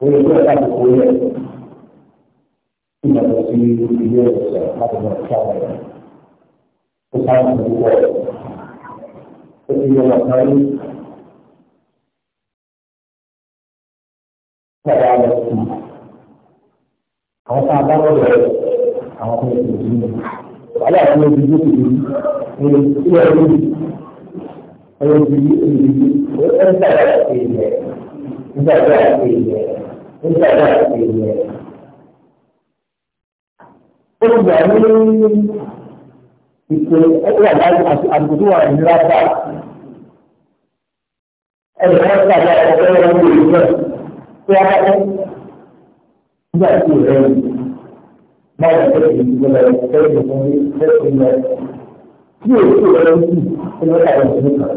ó lè gbọ́dọ̀ láti kó yẹ kí wọ́n lọ sí ilé ìwòsàn láti lọ sí ó ti yọ ọ̀kan rí. Ṣọ̀rọ̀ àlọ́ sí i. Àwọn tá a bá wọ̀ lọ, àwọn kan ti dì mí. Wàhálà àwọn ọmọ ìdílé ti dì mí. Ẹ̀yẹ tí wọ́n rí mi. Ẹ̀yẹ ti dì mí. Ó ń sàrà àti ilẹ̀. Ń sàrà àti ilẹ̀. Ń sàrà àti ilẹ̀. Ó gbà ní ìpè ẹgbẹ́ àgbáyé àti àdùgbò wà ní lápá ẹ̀rọ wọn sàgbà ọ̀pọ̀ ẹ̀rọ wọn lè jẹ́ tí a bá tẹ́ nígbà tí ò rẹ̀ máa wà pẹ̀lú ìdílé rẹ̀ pẹ̀lú ìdílé rẹ̀ pẹ̀lú ìdílé rẹ̀ tí ò tí ò rẹ̀ ń kí ẹni wọ́n sàgbà ìdílé kan.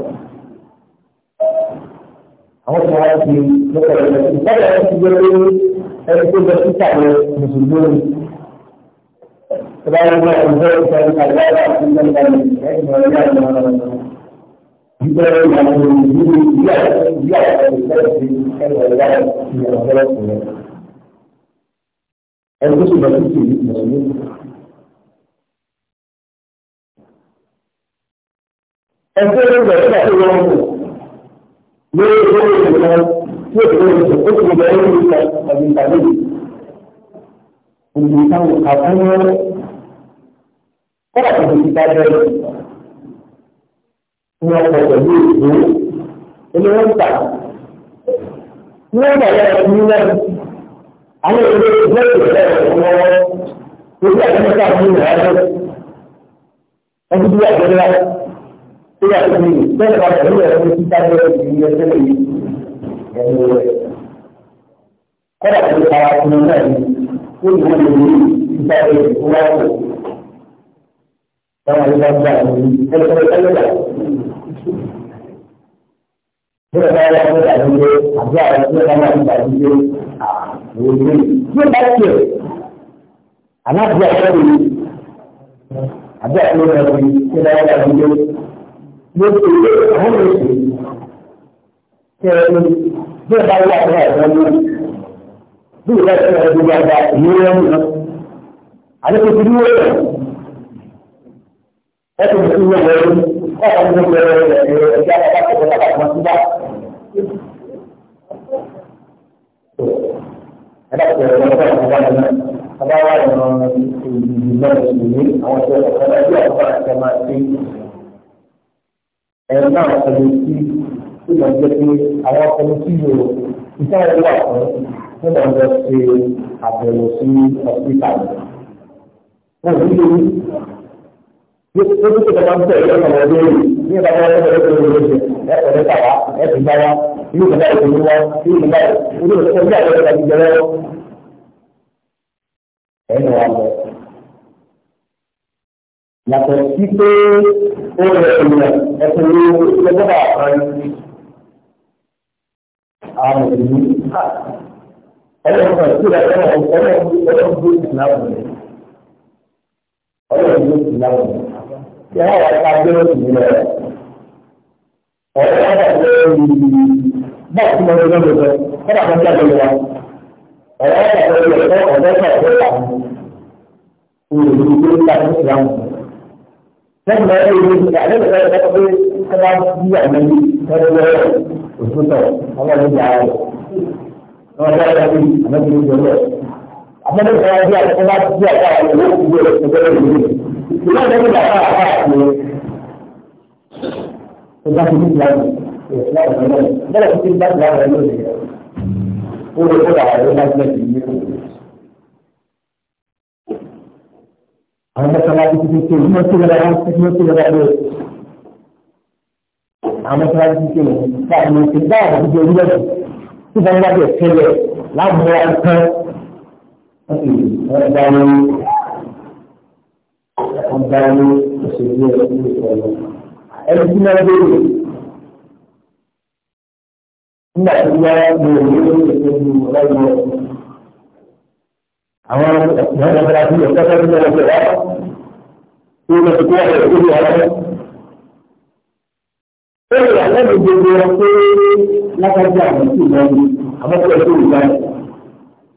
àwọn tí wọ́n ti lọ́kọ̀ọ́ rẹ̀ lọ́kọ̀ọ́ rẹ̀ ti gbé ẹni tó lọ sí mùsùlùmí فلما أنزلت الأذان إن الملائكة والملائكة والملائكة الرسل التي المسلمين أقول لك لا يقول لك يقول لك أقول لك أن تعلم أن تعلم أن تعلم kódà tó ti bá bẹ́ẹ̀ ní ọkọ̀ pẹ̀lú ìlú ilé wọn gbà ní wọn gbà yára ní wọn àwọn ìlú ìlú ìlú ìlú ìlú àgbẹ̀mẹ́ta ní ìrìnàjò ẹni bí àgbẹ̀mẹ́ta tó yà tó ní bẹ́ẹ̀ bá pẹ̀lú ẹ̀rọ ní títà bẹ́ẹ̀ ní ilé ẹgbẹ́ yìí ẹni rẹ̀ kódà tó ti para fún un náà ní ìlú ìlú ìlú ìtàgé ìfúnwáwò. Kalau kita bilang, kalau kita bilang, Bila saya dah ada dah dia, ada dia dah ada dah dia, ah, dia dia dah dia. Anak dia ada dia, ada dia dah dia, dia dah ada dia. Dia tu dia ada dia. Jadi dia dah ada dah dia. Dia dah ada dia dah dia. Ada tu dia ẹtù ní ìwé lẹ́yìn ọkọ ní ìwé lẹ́yìn ẹ̀jẹ̀ àbákẹ́kọ̀ọ́ tàbí àtúntà. Ẹ̀dàkùn ẹ̀rọ ọ̀gá ìjọba náà ọba wa ìran ìlú náà ìlú àwọn ìṣẹ̀lẹ̀ ọ̀gá bí ọ̀gá àti ọmọ àti ẹ̀rọ náà ọ̀sẹ̀lẹ̀ sí ìlú ọ̀jẹ́ pé àwọn ọkùnrin tí yóò iṣẹ́ rẹ̀ wà fún nígbà tó ṣe àbẹ̀wò sí ọ̀sítà. Wọ́n ti yóò tó tẹ̀lé máa ń tẹ̀lé ọ̀nà yìí ní ìgbà tó wọ́n tẹ̀lé tó lórí ẹ̀sìn ẹ̀kọ́ ní tàwa ẹ̀sìn bá wa inú ìgbà tó ní wọn inú ìgbà tó ní wọn ní àwọn ẹ̀ka ti jẹrẹ wọn. ẹnu wa lọ. yàtọ̀ sí pé ó rẹ̀ ènìyàn ẹ̀sìn ní ìgbẹ́jọ́ bá kan àwọn ènìyàn ẹ̀rọ kan sí ìdájọ́ ọ̀hún ẹ̀rọ kan sí ìdájọ́ ọ̀hún ọlọ́run ló ti láwọn ọ̀hún tí wọ́n wà ká gbé oṣù lọ. ọ̀rẹ́ wọn bá gbé oṣù bọ́ọ̀ tí mo lè lọ́dọ̀ lọ wọ́n bá fẹ́ jáde lọ. ọ̀rẹ́ wọn bá gbé oṣù lọ ọ̀rẹ́ kan tó wà ní olùdó tó ń ta ní ìlànà. lẹ́yìn náà ó lè ṣe àlẹ́ ìfẹ́ ìfẹ́ pé kí wọ́n bí àmì ẹgbẹ́ òṣùtọ̀ ọmọ ìgbà rẹ̀. wọ́n bá yára bí àmì ìgbà rẹ̀. àmọ́ ìwé ìdẹ́gbẹ́ bàbá àbá àti ọjà tó ti láàbù bẹ́ẹ̀ tó ti bá ti láàbù ẹ̀lọ́ ìyẹn ó lè kó dàgbà ló bá ti lẹ́yìn ní ìlú. àwọn mọ́sálásí ti ti tó ìmọ̀ tó lọ́wọ́ ìmọ̀ tó lọ́wọ́ àwọn mọ́sálásí ti tó ìmọ̀ tó lọ́wọ́ ìmọ̀ tó wọ́n bá ní òṣèlú ẹ̀sìn ìṣẹ̀lẹ̀. ẹni tí wọ́n béèrè nígbà tí wọ́n mú òun ní ìṣẹ́jú ọlọ́run ọ̀sìn. àwọn ọ̀sán ọ̀sán àti ọ̀sán tó ń bẹ̀rẹ̀ pẹ̀lú ọ̀sán tí wọ́n ti kó ọ̀rọ̀ ìṣẹ́jú ọlọ́run. ó lè àlẹ́ gbogbo wọn pé lákàtí àwọn tí ìlọrin àwọn tó ẹ̀kọ́ ìgbà yẹn.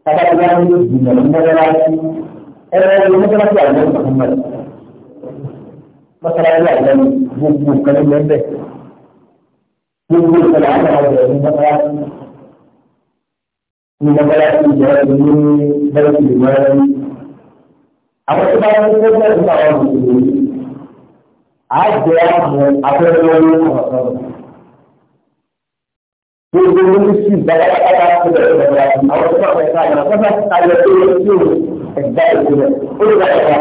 tábàtì wọn ní ìgbìmọ̀ ẹ̀rọ mọ́sálásí àgbẹ̀ Muhammad mọ́sálásí àgbẹ̀ gbogbo kẹlẹ́ lẹ́bẹ̀ gbogbo kẹlẹ́ àgbẹ̀ àgbẹ̀ ní mọ́sálásí ní mọ́sálásí ìjọba ní bẹ́ẹ̀ sì mọ́ ẹ̀rọ àwọn tó bá ń tó bẹ́ẹ̀ nípa àwọn òṣèlú àjẹ́ àwọn abẹ́rẹ́ lọ́wọ́ àwọn ọ̀sán gbogbo mínísítì gbàgbàgbà síbẹ̀ gbàgbà àwọn tó bá fẹ́ ká yàrá fẹ́ fẹ́ ká yẹ kó yẹ kó ẹ̀gbá ìpínlẹ̀ ó lè gbàgbà.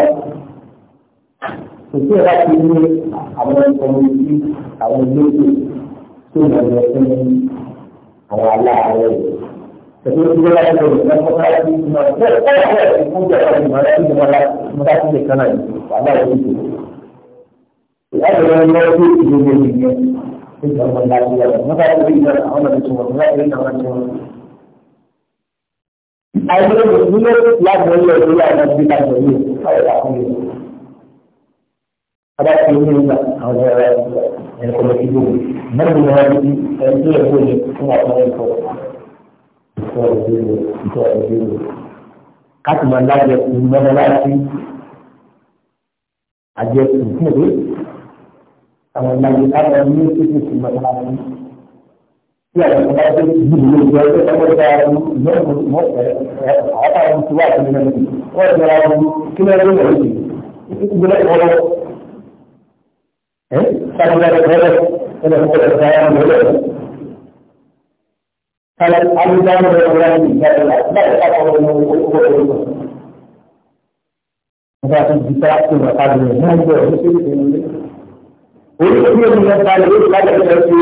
Òṣèlú ẹ̀ka ti ní àwọn kọ́mítì àwọn olóògbé tó wọ́n yẹ fún àwọn aláàárẹ̀ rẹ̀. Ẹ̀sìn tó gbé láti lọ́wọ́ ìgbà fún láti ìgbà fún ẹ̀sìn fún ìjọba ìgbà láti ìgbà láti ìgbà láti ìgbà láti ìgbà إلا هو لا إله ما قال إلا الله ولا رسول الله إلا هو رسول أيضا يقول لا تقول إلا أن أبدا تقول أو لا أقول هذا كلمة لا أو لا يقول لك يقول مرد هذه يقول يقول هو أقول كاتب الله يقول ماذا لا أقول أجل يقول àwọn ọmọ yìí ká lọ ní títí sí mọ́tàlásí. Tí àwọn ọmọ tó ti di ìlú ìjọ tó tọ́jú ọjà ọdún ìjọ ìmọ̀ọ́fẹ́ àwọn àwọn tí wà á tẹ̀lé lẹ́nu. Wọ́n ti ra ọdún kí ló dé lọ́wọ́ yìí. Ìgbẹ́ ìwọ́lọ́. Ẹ́ sábà lọ́wọ́ lọ́wọ́ ẹ̀rọ ìfọ̀rọ̀ ìfọ̀rọ̀ ìfọ̀rọ̀ lọ́wọ́. Kálẹ̀ alùpàdé lọ́wọ́ láti ìjáde láti láti sábà lọ́wọ́ Nígbà tó di sáà tó wà ká lè mú ọgbẹ́ ọ̀rọ̀ sí ìpinnu oríṣiríṣi ènìyàn ta lè rí láti ẹ̀rọ sí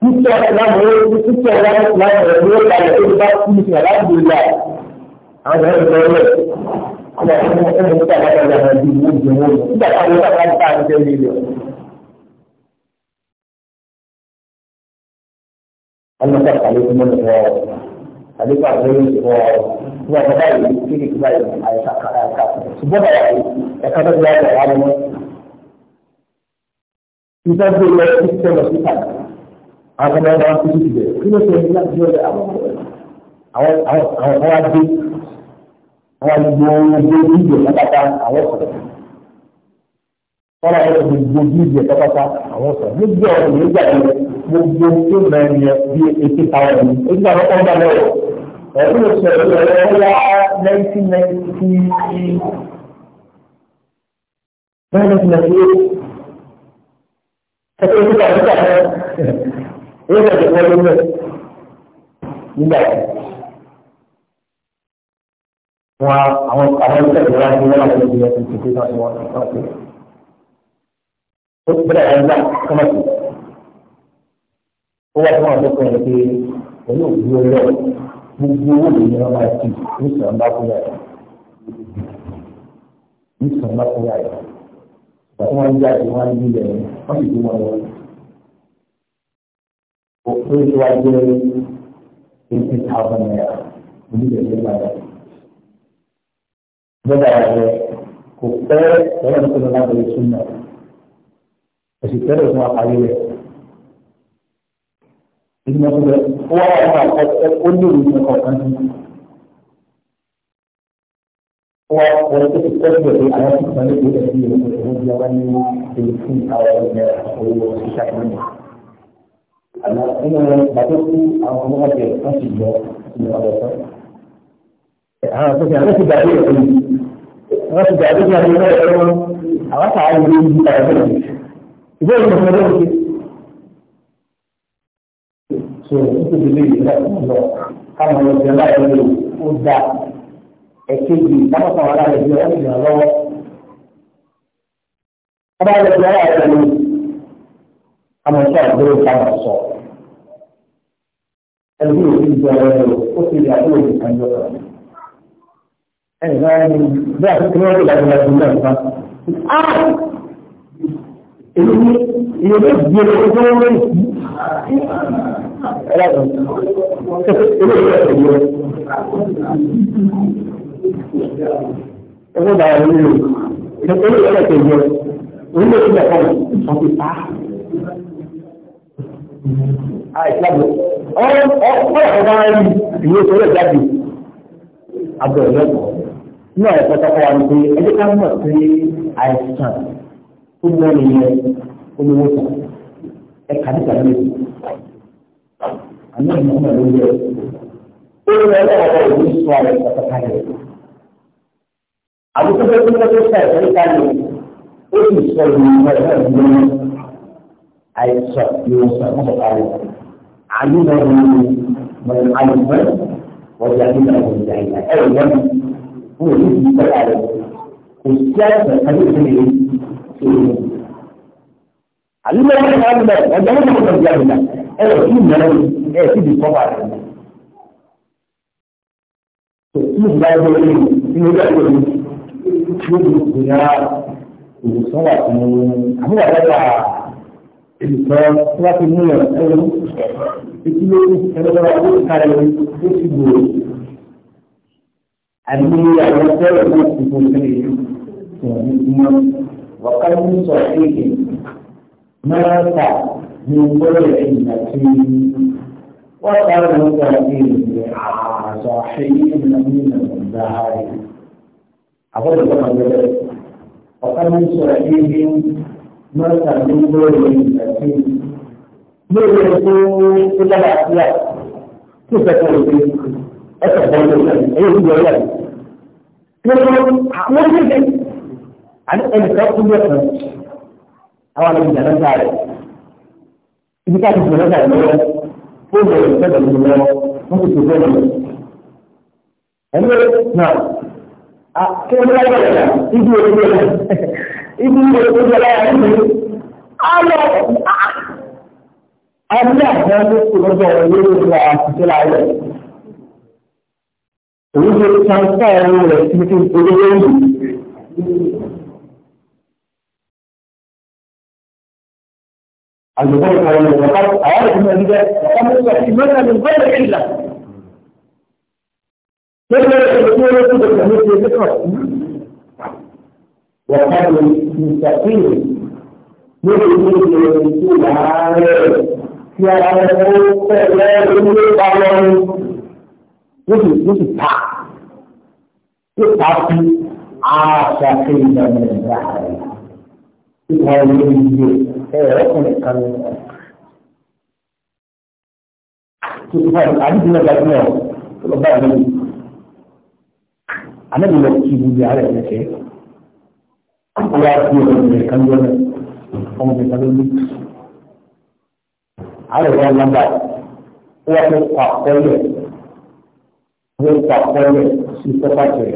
títẹ̀ láti ẹ̀rọ sí títẹ̀ láti ẹ̀rọ sí ó kalẹ̀ tó bá kú ní ìyàrá ìlú ìlà àwọn ẹ̀rọ ìlú ọ̀rẹ́ àwọn ẹ̀rọ ẹ̀rọ ìlú ìlà láti ẹ̀rọ ìlú ìlú ìlú ìlú nígbà táwọn ọ̀rẹ́ bá ń ta àti ẹ̀rọ ìlú Alhamdulillah kalau semua orang, kalau pak beli orang, buat apa ini, kini kita ini, ayat kata ayat kata, semua dah ada. Kata dia ada, ada ìfẹ́ bí ó lọ sí ìfẹ́ lọ sí ìpàdé àwọn ọmọ ọmọ ọmọ ti bẹ̀rẹ̀ kí ló ṣe ní láti yọ ọdẹ àwọn àwọn àwọn adé àwọn gbogbo ìgbè pátápátá àwọn sọ̀rọ̀ fọlá ọ̀rọ̀ gbogbo ìgbè pátápátá àwọn sọ̀rọ̀ nígbà ọ̀rọ̀ nígbà yẹn gbogbo tó mẹ́rin yẹn bí etí táwọn yìí etí táwọn kọ́ ń bá lọ́wọ́ ọ̀rọ̀ ló sọ̀rọ̀ lọ́wọ́ yá nineteen ninety báyìí nineteen ninety ẹgbẹ́ máa ti ní sọ̀rọ̀ wọ́n ń jáde wọ́n ń yílẹ̀ wọ́n sì bímọ lọ. Òkú ìlú wa jẹ́ thousand naira onílẹ̀ ní Ìbàdàn. Bọ́dà rẹ̀ kò pẹ́ ẹ̀rọ tó lọ lábẹ́rẹ́ sún náà. Èsì tẹ́lẹ̀ fún apáyé rẹ̀. Ìgbìmọ̀ tó wọ́n wà ní àkọsẹ́ ó ní ìròyìn kọ̀ọ̀kan sí i. وتتكلم على فكرة التي يتجول تلفون أو الشكل منه أنا أنا بقول أو مغادر أشيد من هذا أنا كنت أنا كنت بعدين أنا كنت بعدين يعني أنا أنا أعرف من بعدين إذا ما هذا so itu beli tidak Allah karena Allah tidak ada ẹ̀kejì kámọ̀kan wà láàyè bí ọ̀rọ̀ ìgbà lọ́wọ́. Ọba rẹ̀ bí ọ̀rọ̀ àìsàn ni amọ̀tí àgbèrè káwọn sọ. Ẹni bí òfin jẹ ọ̀rọ̀ ẹ̀rọ ó ti di àbúrò ní kanjọ́ kan. Ẹni náà ni bí àtúntò wọn kò dájú lọ́dún náà nǹkan. Èyí ni iye tó di ẹni tó tó lórí Ẹ láti ṣe é lè ṣe é lè ẹgbẹ́ bàá rí rẹ̀ ìdẹ́kọ̀ọ́ ìrẹ́lẹ̀ tó yẹ orílẹ̀ èdè ẹ̀kọ́ sọ pé pa àìsíláàbò ọ̀pọ̀ ọ̀pọ̀ rí ìwé ìṣòro ìjáde àbọ̀ ẹ̀lẹ́kọ̀ọ́ ní ọ̀rẹ́ pẹ́tọ́kọ́ wa ni pé ẹjẹ́ ká mọ̀ sí àìsàn tó mú ẹni yẹn olówó sàn ẹ̀ka nígbà lóye àmì ìmọ̀ ọ̀nà lóye ó lọ ọlọ́wọ́ ọ̀rọ̀ ìwé sọ àrẹ pàtàkì àbí tó fẹ́ kí wọ́n tó fẹ́ ẹ̀fẹ́ kálí ó sì sọ ìlú ẹ̀fẹ́ ìlú àìsàn yóò sọ fún ọ̀kadì àbí wọn ní mọ̀lẹ́ àlùfẹ́ wọ́n ti àbí wọn ní ìjà ìjà ẹ̀rọ yẹn wọn ò ní ti sọ àlẹ́ kò sí àìsàn kájú ìdílé ìṣòro. àbí wọn ní àlùfẹ́ ọ̀dọ́ wọn ní ìjà ìjà ẹ̀rọ yìí mẹ́rin ẹ̀ sì di kọ́kọ́ àlẹ́ kò sí ìgbà ìgbà ìgbà ìgbà ìgbà gbogbo ya òwò sọ́wà fún àbúrò àbúrò ìsọ wá ti mú yàn ẹ̀rọ etí ló ń ẹ̀rọ ó ti kárẹ̀ ó ti gbòòrò àbí àwọn sẹ́rẹ̀ náà ti kó sílẹ̀ ìwọ̀n ní kúmọ́ wọ́ká ní sọ èké máa ta ní gbọ́dọ̀ ẹ̀yìn àti wọ́n ta ní sọ èké àṣà ṣe yí ní ìlànà ìlànà ìdáhàrẹ̀. أقول لكم وقد من سرعيهم مرسى من دور المساكين نور يكون كل الأخلاق كيف تكون فيه؟ أتفضل لكم أيه هو لكم نقول أقول لكم عن أن تكون لكم أولا من جنة تعالى إذا كانت جنة تعالى فهو يتبع الله وهو يتبع الله أمير نعم ibi òkúta ibi òkúta láyà ní alọ ọdún àti ọdún tó lọ́jọ́ ìwé ìwé àṣìṣe láyà òun ṣe transfer ẹ̀rọ rẹ̀ sí ti ìpolówó ìlú. àgbẹ̀bọ̀n ìkàwé ìwọ̀n káwọn àwọn ìdílé ẹgbẹ́ ọmọ ìgbà ìgbẹ́ta ní gbọ́dọ̀ ìlà. Lọ́jọ́ ìṣẹ́jú olóṣù tó tẹ̀lé ti tó ti ta. ìlú anabi lọ kí ibi ara ẹ̀ ṣe wá sí ọmọbìnrin kan jọ náà ọmọbìnrin kan ló ní. ara ẹ̀ wá lábà ó wá fẹ́ kọ àkọọ́lẹ̀ wọ́n kọ àkọọ́lẹ̀ sí pẹ́pà tẹ̀.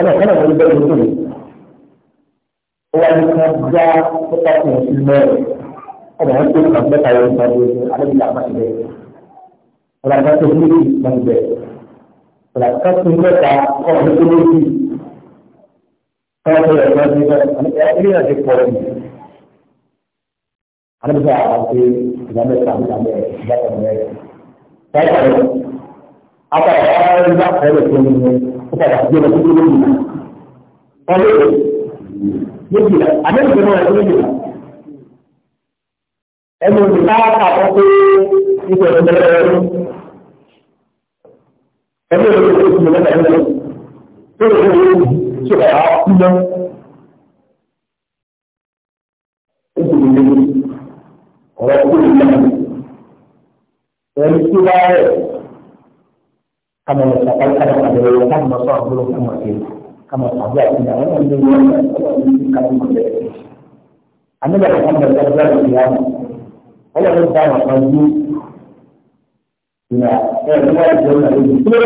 ẹnì kan náà wọ́n bẹ́ẹ̀ ló tóbi ó wá ní ká gbá pẹ́pà tẹ̀ sí mẹ́rin ọmọ wọn tó kàn mẹ́ta yẹn ń sọ ọ́ lójú alábìlà máa ń bẹ̀rẹ̀ ọ̀làǹkà tó ní ìgbà ń bẹ̀rẹ̀ kọ́tù mẹ́ta kọ́tù tó lójú kọ́tù ẹ̀rọ ní ilé àti pọ̀jù. Anábìsá àti ìdámẹ́ta ìdámẹ́ ìdámẹ́ Báyọ̀ apàdà ara ń bá ẹ̀rọ tó ní ó padà gbé lọ sí lójú náà. Wọ́n lé lójú náà, àmẹ́rìkì náà ló lójú náà. Ẹnu ìdá àkọ́kọ́ ìgbẹ̀rún bẹ̀rẹ̀ Kami ada satu sumber yang lain. Kita ada satu sumber Orang tua yang dan itu baik. Kamu ìyá ẹ ẹ bá ìjọ náà lè gbé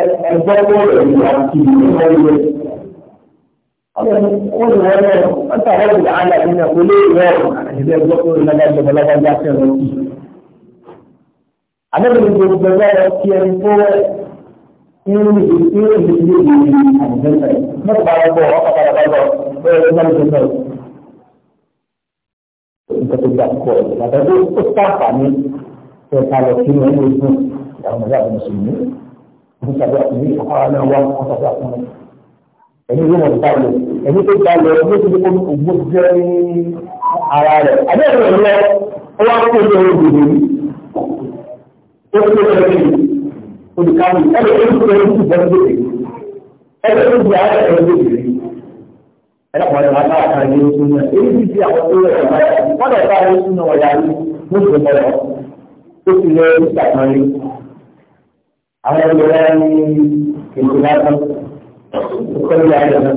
ẹgbẹ́ tó rẹ̀ ní àti ìlú ọ̀rẹ́. Àwọn ọmọ ìwọ náà wọ́n tà wọ́n ti àná ní ẹ̀kọ́ lé ìwọ àtìlẹ́ ẹgbẹ́ tó rẹ̀ lágbàjọ lágbàjọ àti ẹ̀rọ kì. Àbẹ̀bẹ̀ ni gbogbo ẹgbẹ́ rẹ̀ kí ẹni tó rẹ̀ ní ìlú ìlú ìlú ìlú ìlú àtìlẹ́ mọ́tò bá wọn bọ̀ ọkọ̀ padà bá lọ bẹ́ẹ̀ ló ń bá lóṣù náà. Nǹkan tó gbà pọ̀ tó ká lọ kí ló ń lò fún àwọn ọmọdé àwọn mùsùlùmí wọn sàbẹ àkùnrin àwọn náà wà wọn sàbẹ àkùnrin ẹni yóò wọn balẹ̀ ẹni tó balẹ̀ ẹni tó kó ògbó jẹ ara rẹ̀ àbẹ ẹni rẹ lọ ó wá kó lọ ògbó rẹ̀ ó kó lọ rẹ̀ olùkàwé ẹni tó kó lọ ògbó rẹ̀ ẹni tó kó lọ ògbó rẹ̀ ẹlẹ́kọ̀ọ́ ẹ̀rọ aláwọ̀ kan ní oṣù náà èyí ti di àwọn tó rẹ̀ wọ́n lọ́ọ̀ bá oṣù náà wọ̀ yàrá ní oṣù náà tó ti lọ nígbà kan Àwọn ẹgbẹ́ rẹ̀ ní ètò lásán, ìkọ́lé ayé rẹ̀.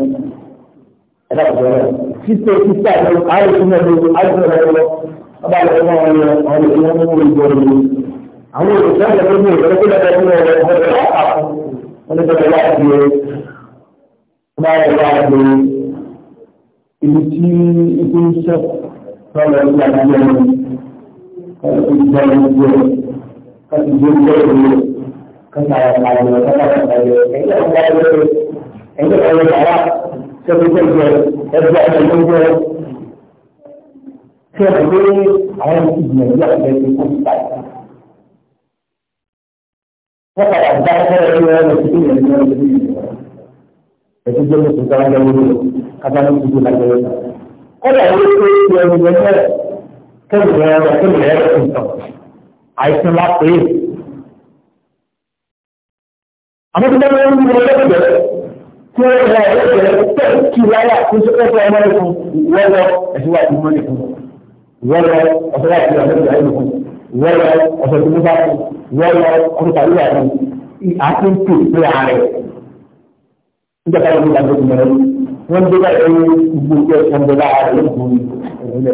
Ẹ̀dá ìjọba rẹ̀. Títẹ títẹ àti àyè tó mọ̀ lóko àti ọ̀rọ̀ lọ. Ọba àgbẹ̀ wọn wọn yẹ wọn lè wọ́n mú ìgbọ́ rẹ̀ Àwọn òṣìṣẹ́ àgbẹ̀ tó mú tó lọ́dọ̀ fún ọ̀rọ̀ ọ̀rọ̀ àpapọ̀. Wọ́n ní bẹ̀rẹ̀ láti yẹ ọba àgbẹ̀ láti ibi tí ikú ń ṣẹ́ Ẹ̀sìn jẹ́ mọ̀tò sára lọ́wọ́ kátà ní ìdíje lágbẹ̀rẹ̀. Kọ́dà ó ṣe é ṣe ẹni lẹ́yìn kẹ́lùmọ̀ ẹ̀rọ kẹ́lùmọ̀ ẹ̀rọ tó ń tọ̀ àìsàn lápẹ́ yìí. àmọ́ tí wọ́n ń lọ lẹ́gbẹ̀ẹ́ tí wọ́n ń lọ lẹ́gbẹ̀ẹ́ tẹ̀ kí láyà tó ṣe kẹ́kọ̀ọ́ ọmọ rẹ̀ fún wọ́lọ́ ẹ̀sìn wà ní mọ́lẹ̀ fún wọ́lọ́ ọ̀sẹ̀ láti lọ lẹ́gbẹ̀ẹ́ rẹ̀ fún wọ́lọ́ ọ̀sẹ̀ tó ń bá fún wọ́lọ́ ọ̀sẹ̀ tàbí wà fún àti ń pè pé ààrẹ nígbà táwọn ọmọ ìgbà wọ́n ń gbé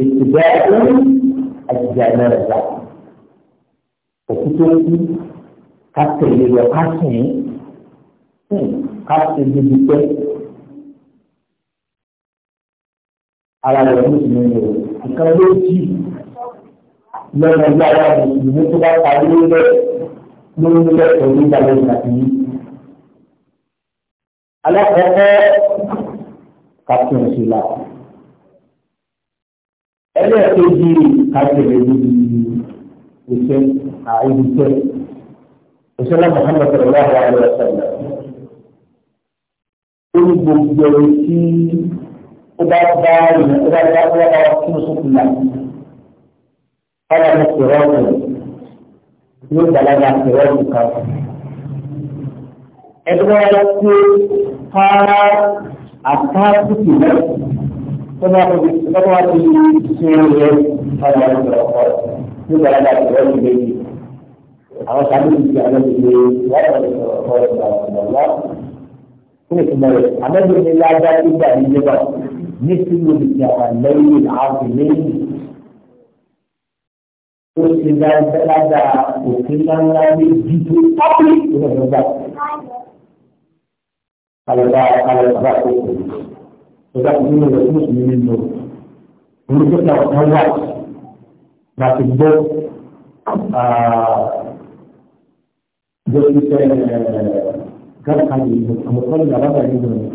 اتباع الجنازة òkútókú kátẹ̀lé rẹ̀ kásìn kásìn níbi pẹ́ ara rẹ̀ mùsùlùmí rẹ̀ nǹkan méjì lọ́nà yára mùsùlùmí tó bá parí lẹ́ lórí lẹ́kọ̀ọ́ ní ìdàgbẹ́ ìgbàgbé yìí. alákọ̀ọ́kọ́ kásìn òṣèlú àwọn ẹlẹ́ẹ̀kejì kàtẹ́lẹ̀ níbi iṣẹ́ àìbíṣẹ́ òṣèlú Muhammad sallallahu alaihi wa sallam ó ní gbogbo ẹni tí ó bá bá ìrìn ó bá bá wọ́n bá fún sókùn náà kọ́lá ní sèrọ́ọ̀tù yóò gbàlagbà sèrọ́ọ̀tù kan ẹgbẹ́ wọn kú kára àkáàtútù náà tọ́ba kò fi tọ́ba wá sí ìṣirò rẹ̀ ọ̀nà ìṣòro ọ̀pọ̀ nígbà yàrá ìṣòro ti lé yìí. Àwọn sábà ti di àwọn ìṣòro wáyà ìṣòro ọ̀pọ̀ ìgbà ọ̀nà wá. Kí ni ìtumọ̀ rẹ̀? Àmọ́bí ni lágbá nígbà nílé bá ní sí lóbi ti àwọn lẹ́yìn àti lẹ́yìn. Ó ti lágbá òfin ńláńlá ní jíjó pápí ọ̀dà ìdílé rẹ̀ fún mùsùlùmí nínú olùkọ́ta ọ̀kan wà láti gbọ́ justice gàdàkàdì ìlú àmọ́tọ́lù làbàbà ìlú rẹ̀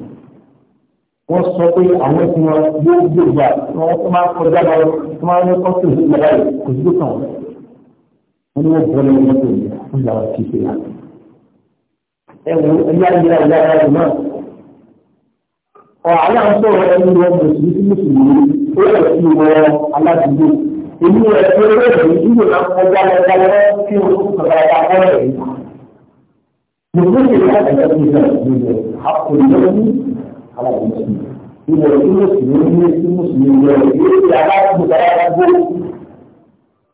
wọ́n sọ pé àwọn tí wọ́n yóò gbèjà wọ́n tó máa kọjá lọ tó máa ń kọ́ sí ìlú ìlú kò sí tó kàn wọ́n ní wọ́n bọ́ lọ́wọ́ tó yẹ fún ìlú àwọn tí ì ọ̀hánà ń sọ̀rọ̀ ẹni wọn mùsùlùmí sí mùsùlùmí ó yẹ kí wọn aládùúgbò èmi rẹ̀ tó rẹ̀ rẹ̀ nígbò náà wọ́n gbá lọ gbá lọ kí wọn kó kọ̀ọ̀kan ẹ̀ka kọ́ rẹ̀ yìí. Gbogbo ìṣẹ̀lẹ̀ láti ẹ̀ka tó yẹ kí wọn akọ̀lẹ́ ní aládùúgbò. Ìwọ̀ sí mùsùlùmí ní sí mùsùlùmí rẹ̀ yóò fi aládùúgbò aládùúgbò.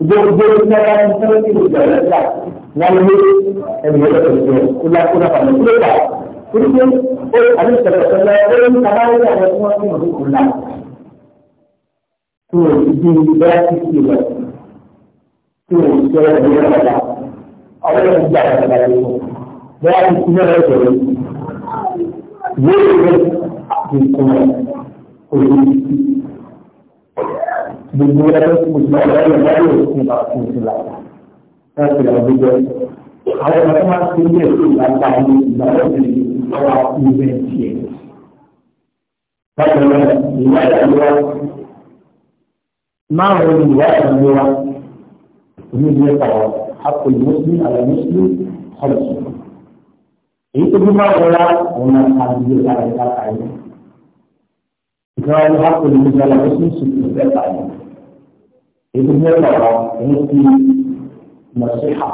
Gbogbo ìṣẹ̀lẹ̀ láti ẹ̀ka tó yẹ kí wọn lé ẹ̀mí ẹ̀ka tó yẹ kó lákó náà àbí ìṣẹ̀lẹ̀ ìṣẹ̀lẹ̀ ó ní kábàárì àwọn tí wọ́n ti mọ̀ lóko ńlá. Tó o ti di ìgbẹ́ títí rẹ̀. Tó o ti jẹ́ ìgbẹ́ ọ̀la. Ọ̀rẹ́ rẹ̀ ti gbà wọ́n lọ́la yìí. Bẹ́ẹ̀ ni ti náà rẹ̀ sọ̀rọ̀. Yóò rẹ̀ ti kún ẹ̀ òní títí. Gbogbo ẹgbẹ́ tí mo ti máa ń lọ́yọ̀ lọ́yọ̀ bá fún ìtura. Wọ́n ti lọ àwọn ọmọ tó máa ń ṣe ilé ìlú ìgbàgbà ní ìgbàgbà ní ìgbàgbà ìwé tiẹ̀. bákan náà ìwà ìdàgbà márùn-ún ìwà ìdàgbà ní ìlú ẹ̀ka ọ̀ hapò ìmọ̀sílẹ̀ àlẹ́ mọ̀sílẹ̀ ọ̀lọ́sùn. èyí tó bí máa wọlá òun náà ká ní ìlú ẹ̀ka ẹ̀ka káyọ̀. ìgbàgbà ní hapò ìmọ̀sílẹ̀ àlẹ́ mọ̀sílẹ̀ sùn ìlú ẹ̀ka ẹ̀ èyí tó bí ẹ̀ka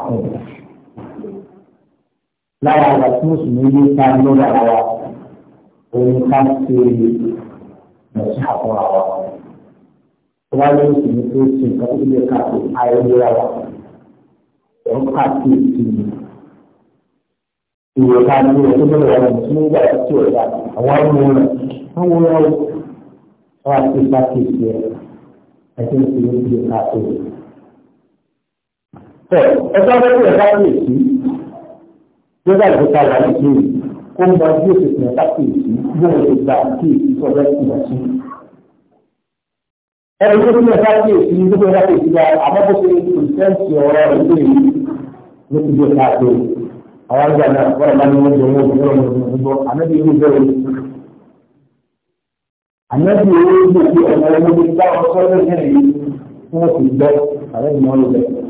ọ̀ lára àgbà tí mùsùlùmí yé ká lórí àwa òun ká ṣe lọ́sí àpò àwa. wọ́n lé mùsùlùmí tó ṣe nǹkan tó lè ká ṣe ayẹyẹ àwa. òun ká ṣe ìsinmi. ìwé ká ní ẹ̀ tó bẹ̀rẹ̀ wọn mùsùlùmí yé àti tí ọ̀dà àwọn ọmọ rẹ̀ wọ́n wọ́n wọ́n wọ́n wá sí ká ṣe ẹ̀ tó ń ṣe ká ṣe. ẹ fẹ́ kí ẹ bá nígbà tó ta wà nígbà yìí kó ń bá bí òṣèlú ẹ̀ka kéèkì yóò lè gba kéèkì tó ọjọ́ ìgbà sí. ẹni tó tún ẹ̀ka kéèkì ní gbogbo ẹ̀ka kéèkì gba àmọ́ bó ṣe kò sẹ́ǹtì ọ̀rọ̀ rẹ̀ lè ló ti di ẹ̀ka àti àwọn àgbà náà wọ́n máa ń mú ọjọ́ owó ìgbọ́ ìgbọ́ àmẹ́bí ìlú bẹ̀rẹ̀ àmẹ́bí owó ìgbọ́ ìgbọ́ ọ̀nà ọmọdé bá ọ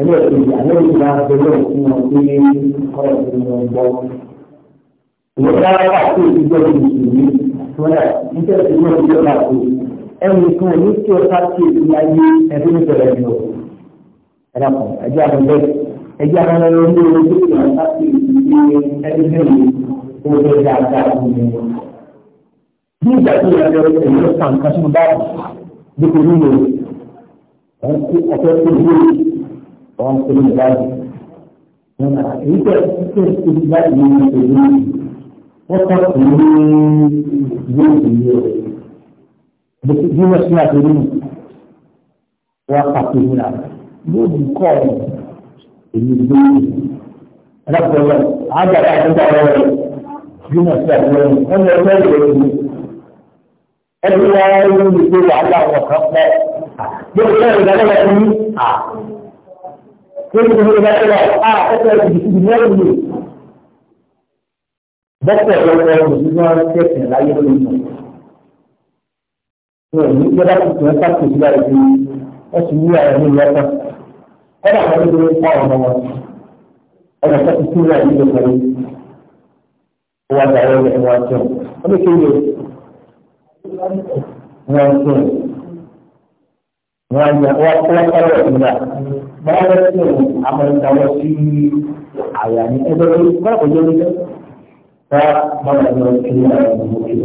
ẹlẹ́ẹ̀kejì àlẹ́ ìgbà abẹ́lẹ̀ fún wọn pé ọ̀rọ̀ tó ń lọ gbọ́. ìwọ́dà wà tó ìgbẹ́ ìṣòwò ìṣòwò nígbà tí wọ́n ti yọ̀dà tó ẹnì kan ní tí ó ká sí èyí ayé ẹbí ní bẹ̀rẹ̀ ni o. ẹ dàpọ̀ ẹjẹ́ abẹ́lẹ̀ ẹjẹ́ abẹ́lẹ̀ ló ní orí tó kàn ká sí ìṣòwò ẹbí bẹ̀rẹ̀ ó bẹ̀ dáadáa fún mi. bí ìgbà tó yẹ lọ èyí ló kàn kásùn báàbù dípò nílò ọ̀pẹ́ tó dúró orang perlu bagi. Nah, itu itu tidak mungkin. Otak ini dia Betul jiwa siap ini. Wakaf ini lah. Dia bukan. Ini dia. Ada problem. Ada tak ada orang. Jiwa siap ini. Ada orang ini. Ada orang ini. Ada orang ini. Ada orang ini. Dia bukan ada orang ini. Ah. كل هو لا إله آه أتى بالدنيا منه بس لو كان مسلمان كيف لا يؤمن يبقى تنسى تسلا يجي أسمع يعني لا أنا حبيت أن أقول أنا تسلا يجي الخليل هو دعوة إخوانهم أنا كذي إخوانهم وأنا وأنا أقول bayar itu amal tawasi ayat ini itu tu kalau bujuk itu tak mana yang kira mungkin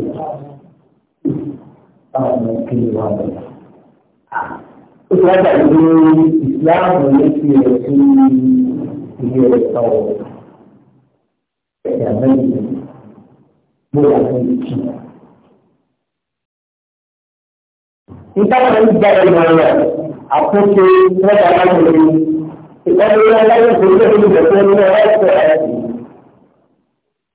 tak mungkin lah Islam itu Islam memiliki sesuatu yang tahu yang lain bukan sesuatu kita akan berjalan àkóso mẹ́ta lágbèrè ìtọ́jú ẹlẹ́yìn tó lé ní ìgbésẹ̀ ní ọ̀rọ̀ ẹ̀sẹ̀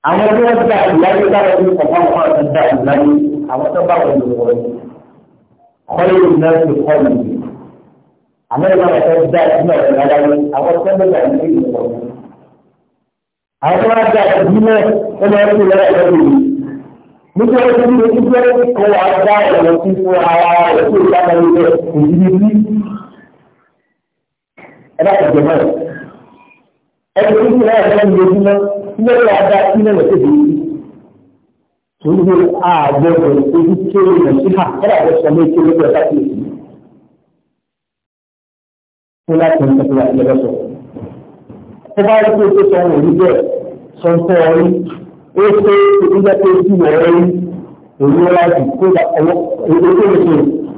àwọn tí wọ́n gba ìyáyé dára ní ọ̀pá ọ̀pá àti gba ìyáyé àwọn tó bá wọn lò wọ́n kọ́lé náà ti kọ́ mi àmọ́ ìgbà wọn fẹ́ gba ìdílé ọ̀rọ̀ lágbàáyé àwọn tó bá wọn lò wọ́n àwọn tó bá gba ìdílé ọ̀rọ̀ lágbàáyé nítorí tí mo ti fẹ́ kọ́ wa dá ọ̀nà fún ara rẹ̀ tó ìdáná ilé kò ní bí. ẹ bá tẹ̀lé mọ́ ẹ ti ní ìlànà ìlànà ìlànà ìlànà ìlànà àdá sí ìlànà tó dé yìí. Tòun ààbọ̀ rẹ̀ ojú kéré nà sí hà kọ́dà bẹ́ẹ̀ sọ méjì lórí ọ̀tá sí Fún láti ń sọ́kùnrin àti ẹgbẹ́ Ó bá rí pé ó sọ òun ò bẹ́ẹ̀ sọ ń tẹ́ ọ ó pé ìgbà tó ti wọ̀rọ̀ rí èyí wọ́n láti kó ọwọ́ èyí tó lè ṣe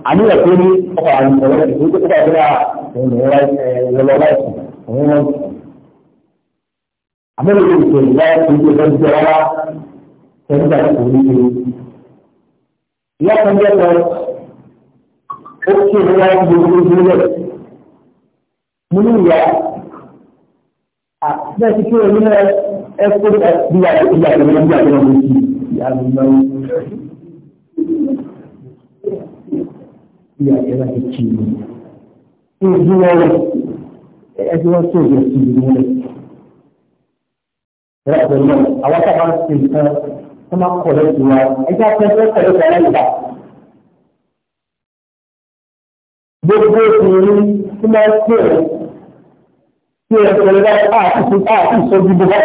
àníyàn tó ní ọkọ̀ àwọn ọ̀rọ̀ rẹ̀ èyí tó kọ́ ọ̀rọ̀ òun lọ́wọ́ láìsí òun wọ́n. àmọ́lẹ̀ yóò ṣe ìgbà tó ń gbé ọjọ́ rárá tẹ̀síta kò ní ṣe. ìyá kan jẹ́ kan ó kí ìlú láti gbogbo ìgbélẹ̀ mo ní ìyá àti bẹ́ẹ̀ ti kí òun náà ẹkú ìyá ìyá ìyá ìyá ìyá ìyá ìyá ìyá ìyá ìyá ìyá Ojú ọrọ̀ ẹgbẹ́ wọn tó yẹ sí ìlú rẹ̀. Ìrọ̀ pẹ̀lú àwọn tá a máa ń ṣe nǹkan tó máa ń kọ̀ lẹ́sìn wa. Ẹjẹ́ akẹ́kọ̀ọ́ pẹ̀lú ọ̀rẹ́ ìgbà. Gbogbo obìnrin tó máa ń pè é tí ẹ̀sẹ̀ rẹ̀ bá àti sọ́jú bó bá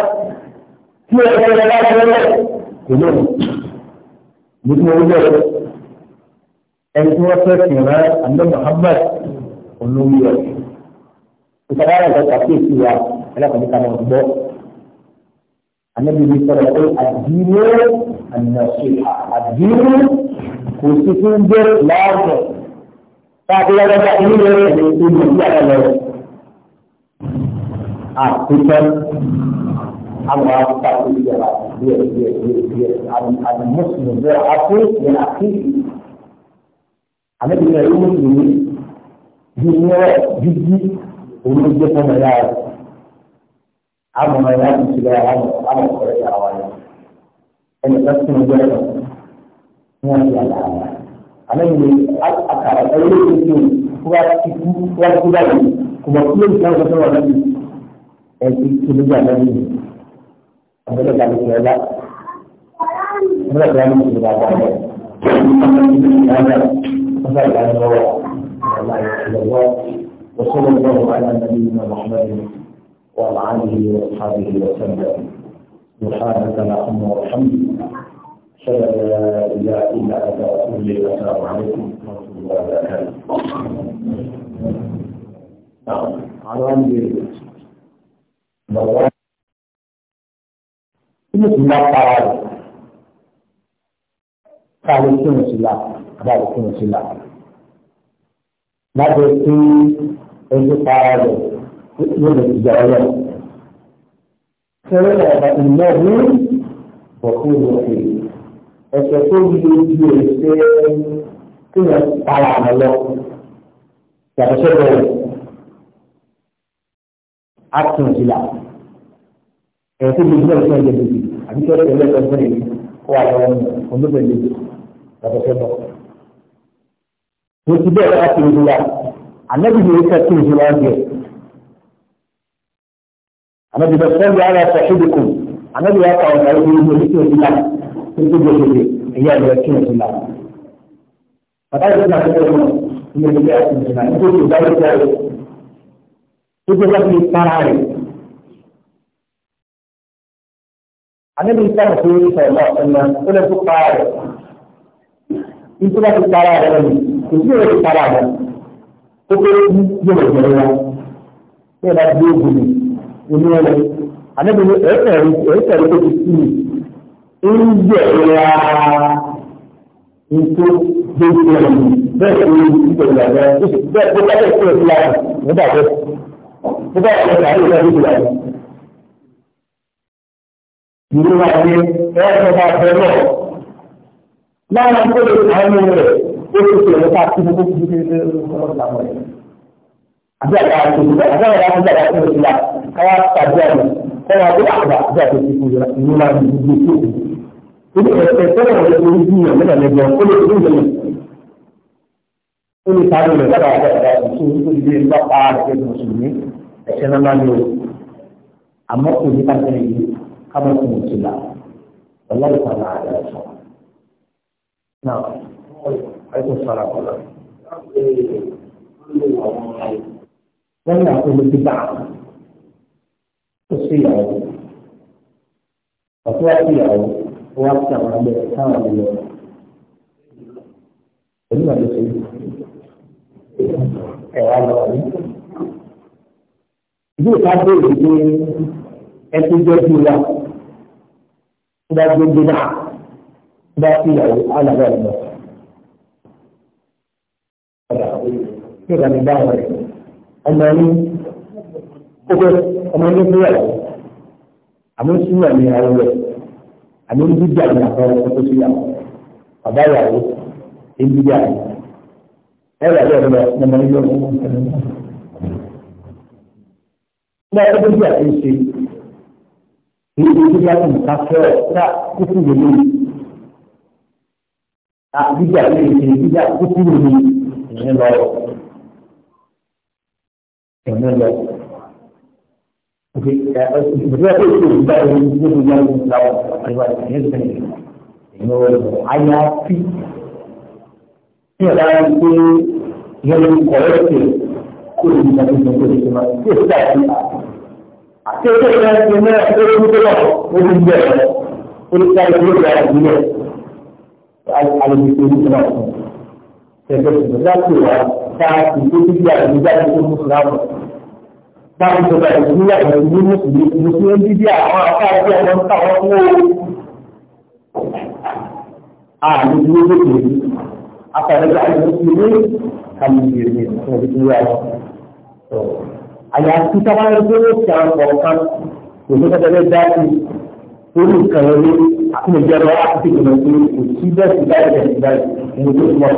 tí ẹ fẹ́ lọ́wọ́ tẹ́lẹ̀ kò lóhùn ní kí wọ́n lọ́wọ́ ẹni tí wọ́n fẹ́ sìn rẹ àndé Muhammad olórí rẹ̀ ìtàkà rẹ̀ lọ́ta sí èsì wa ẹlẹ́kọ̀ọ́ ká máa gbọ́ anábìbí sọ̀rọ̀ pé àdínú ànàṣe àdínú kò sí fún jẹ́ láàbọ̀ káàkiri ọjọ́ inú rẹ̀ ẹ̀dẹ̀ ìlú ìlú àlọ́ àkótán أما تقول المسلم برعته من أخيه أنا بين المسلمين دنيا جدي ونجد ملاك أما ملاك سلاح أما قرية أوائل أنا بس مجرد ما في العالم أنا من أكثر أولئك kuma kuma kuma kuma kuma kuma kuma kuma kuma kuma kuma abẹ́lẹ̀ ìgbàlẹ̀ ìṣẹ̀lẹ̀ ọ̀la nígbà tí wọ́n ní ìṣẹ̀lẹ̀ àgbà rẹ̀ nígbà tí wọ́n ní lọ́wọ́ ọ̀la ìṣẹ̀lẹ̀wọ́ وصلى الله على نبينا محمد وعلى اله واصحابه وسلم سبحانك اللهم وبحمدك اشهد ان لا اله الا انت واتوب اليك السلام عليكم ورحمه الله وبركاته. نعم على tí mo sì para rẹ̀ ká lè kí wọn sí la àbá lè kí wọn sí la para rẹ̀ yóò lè jà ọ́ lọ. Sẹ́rẹ́ ọ̀dà ìmọ̀ ní ọ̀kún ìwọ̀kè ẹ̀sẹ̀ tó yí ojú ẹ̀sẹ̀ tí wọ́n para rẹ̀ lọ yàtọ̀ sẹ́rẹ̀ rẹ̀ á kí wọn sí ẹ̀rọ tó gbogbo ẹ̀rọ tó ń jẹ gbèsè àbí tó ń tẹ̀lé ẹ̀rọ tó ń jẹ kó wà lọ́wọ́ nù oníbẹ̀ lè yàtọ̀ fẹ́ bọ̀. mo ti bẹ́ẹ̀ wá kiri ìlú wa ànábì mi ò fẹ́ kiri ìlú wa jẹ. ànábì bẹ́ẹ̀ fẹ́ yà á sọ ṣíbi kù ànábì wà kà ọ̀gá ìlú ìlú ìlú ìlú ìlú tó tó gbèsè ẹ̀yà ìlú kiri ìlú wa. bàbá ìlú náà fẹ́ lọ́wọ́ ìlú ìlú ìlú ìlú ìlú ìlú ìlú ìlú ìlú ìlú àníbi ìtàn tó ń sọ ọ̀la ọ̀nà ó lè tó pa rẹ̀ nítorí wọ́n ti para rẹ̀ lẹ́nu kò sí ìrètí para rẹ̀ ó pé yóò lè jẹun wa bí ẹ bá gbé ògùn inú ẹ lẹ àníbi ẹ̀ẹ́sẹ̀rẹ̀ tó ti sí mi ń yẹ̀ ẹ̀yà nítorí gbogbo ẹ̀ bẹ́ẹ̀ tó ń tẹ̀lé àgbẹ̀ bẹ́ẹ̀ tó bá tẹ̀lé ìfúnra rẹ̀ nígbà bẹ́ẹ̀ tó bá tẹ̀lé ìfúnra rẹ̀ ìrora ni ẹ̀ẹ́dọ̀ bá fẹ́ lọ. Lára tó lè sàánú rẹ̀, ó ti ṣe kí ní ilé ọlọ́run làwọn ẹ̀. Àbí àgbà àti òṣìṣẹ́ àti àwọn ti là káwá tàbí àmì kọ́wá tó àgbà àti àti òṣìṣẹ́ ìrora ni gbogbo tó kù. Ibi ẹ̀sẹ̀ tẹ́lẹ̀ wọlé orí bí ìyàn mẹ́ta lẹ́gbẹ̀ẹ́ ó lè tó lẹ́yìn. Ó lè sáré rẹ̀ lára àgbà àgbà tó ti lé nípa pa àgbẹ̀ mùsùlùmí ẹ̀sẹ̀ náà ní o. Àmọ́ قبل سنه الله والله تعالى على الصلاه نعم حيث الصلاة لم يعقل اتباعا تصفيه وتوفيه ووقت ربه كما من الله إلا بسيطة إعادة ربه ẹkú jẹ́ kí wá bá gbogbo náà bá ìyàwó alàbà ọ̀nà. Kí ìgbà mi bá wọn rẹ̀, ọmọ ní kókó ọmọ ní fúyà rẹ̀, àmọ́ súnmọ́ ní àwọn rẹ̀, àmọ́ ní dídí àwọn àkọ́ ọmọ tó sí àwọn bàbá ìyàwó ní dídí àwọn. Ẹ̀rọ àbẹ̀ ọ̀nà ọmọ ní lọ́wọ́. Ní ọdún tí a ti ń ṣe ní ojú yàtọ̀ nǹkan fẹ́ ọ̀ kíra kúkú lòlù àbíjà lè ṣe bíjà kúkú lòlù ìyẹn lọ ìyẹn lọ. Ìgbésẹ̀ tó ṣe ìgbà yẹn ní ojú yàtọ̀ nǹkan àríwá ìyẹn lọ ìyẹn lọ àyàfi. Ní ọ̀la ń gbé yẹn lọ kọ̀ọ̀rọ̀ ṣe kó o ní ìgbà tó ṣe kó o ṣe máa ṣe é sí àti ẹgbẹ́ ìfẹ́ ti ní ẹgbẹ́ tó lọ lórí ìgbẹ́ rẹ̀ olùkọ́ ìlú rẹ̀ ìgbìlẹ̀ alùpùpù ìlú náà fún ẹgbẹ́ ìgbìlẹ̀ láti wà káàkiri tó ti di àgbẹ̀jáde tó mú sùlámù báwo ló bá ìlú yàtọ̀ ìlú mùsùlùmí mùsùlùmí dídí àwọn akáàbí ọmọ nǹkan wọn fún owó àmì ìlú lókè yìí afẹ́rẹ́gbẹ́ àti mùsùlùmí kàmì ìrìn fún ìlú yàtọ̀ àyàfi sábà ń gbé lóṣù àwọn kọ̀ọ̀kan kò tó tẹ́tẹ́ dá sí orí nǹkan ẹni àkúnjẹrọ àti ìgbìmọ̀ pé kò sí bẹ́ẹ̀ sí báyìí bẹ́ẹ̀ sí báyìí ní ojú ìmọ̀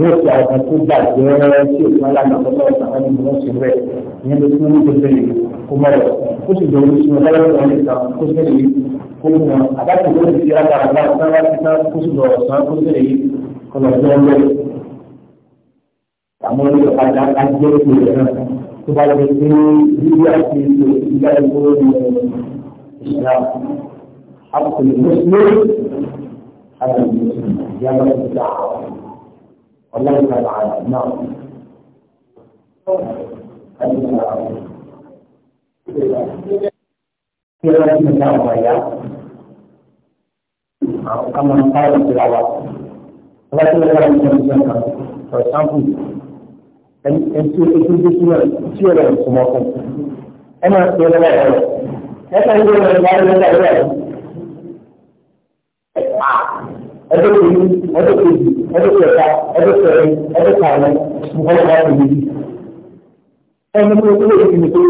wọ́n ti àwọn kan tó gbà jẹ́ sí òfin alágbàkọ́tọ̀ àwọn ẹni wọ́n ti rẹ̀ ìyẹn ló fún ní gbogbo èyí kó mọ̀ rẹ̀ ó sì jọ orísun ọlọ́run wọn níta kó sì lè kó mú wọn àbájáde ló ti fi rákàrà láti sáwá sí sáwá kó sì lọ ọ̀sán kó sì lè kọlọ̀ jẹ́ ọlọ́run àmọ́ nípa padà ká jẹ́ ìpè náà tó bá lè pé bíbí àti ìpè ìgbà ìgbòho ní ìṣẹ̀lá àpòkò ìmọ̀sílẹ̀ àwọn ìmọ̀sílẹ̀ ìyáwó ìgbà ọlọ́run kàlà àlà náà. Kira kita bayar, kamu tahu berapa? Kalau kita orang yang For example, ẹtú ẹtú tó tí wọn tí wọn lọ sọmọ fún ẹ máa tó lọ wà lọ ẹ̀ka ìwé wọn lọ wà lọ wà lọ ẹ̀dọ́ kejì ẹ̀dọ́ kejì ẹ̀dọ́ kẹta ẹ̀dọ́ kẹrin ẹ̀dọ́ kàwọn nǹkan wà lọ yìí ẹni tó tó lè fi tó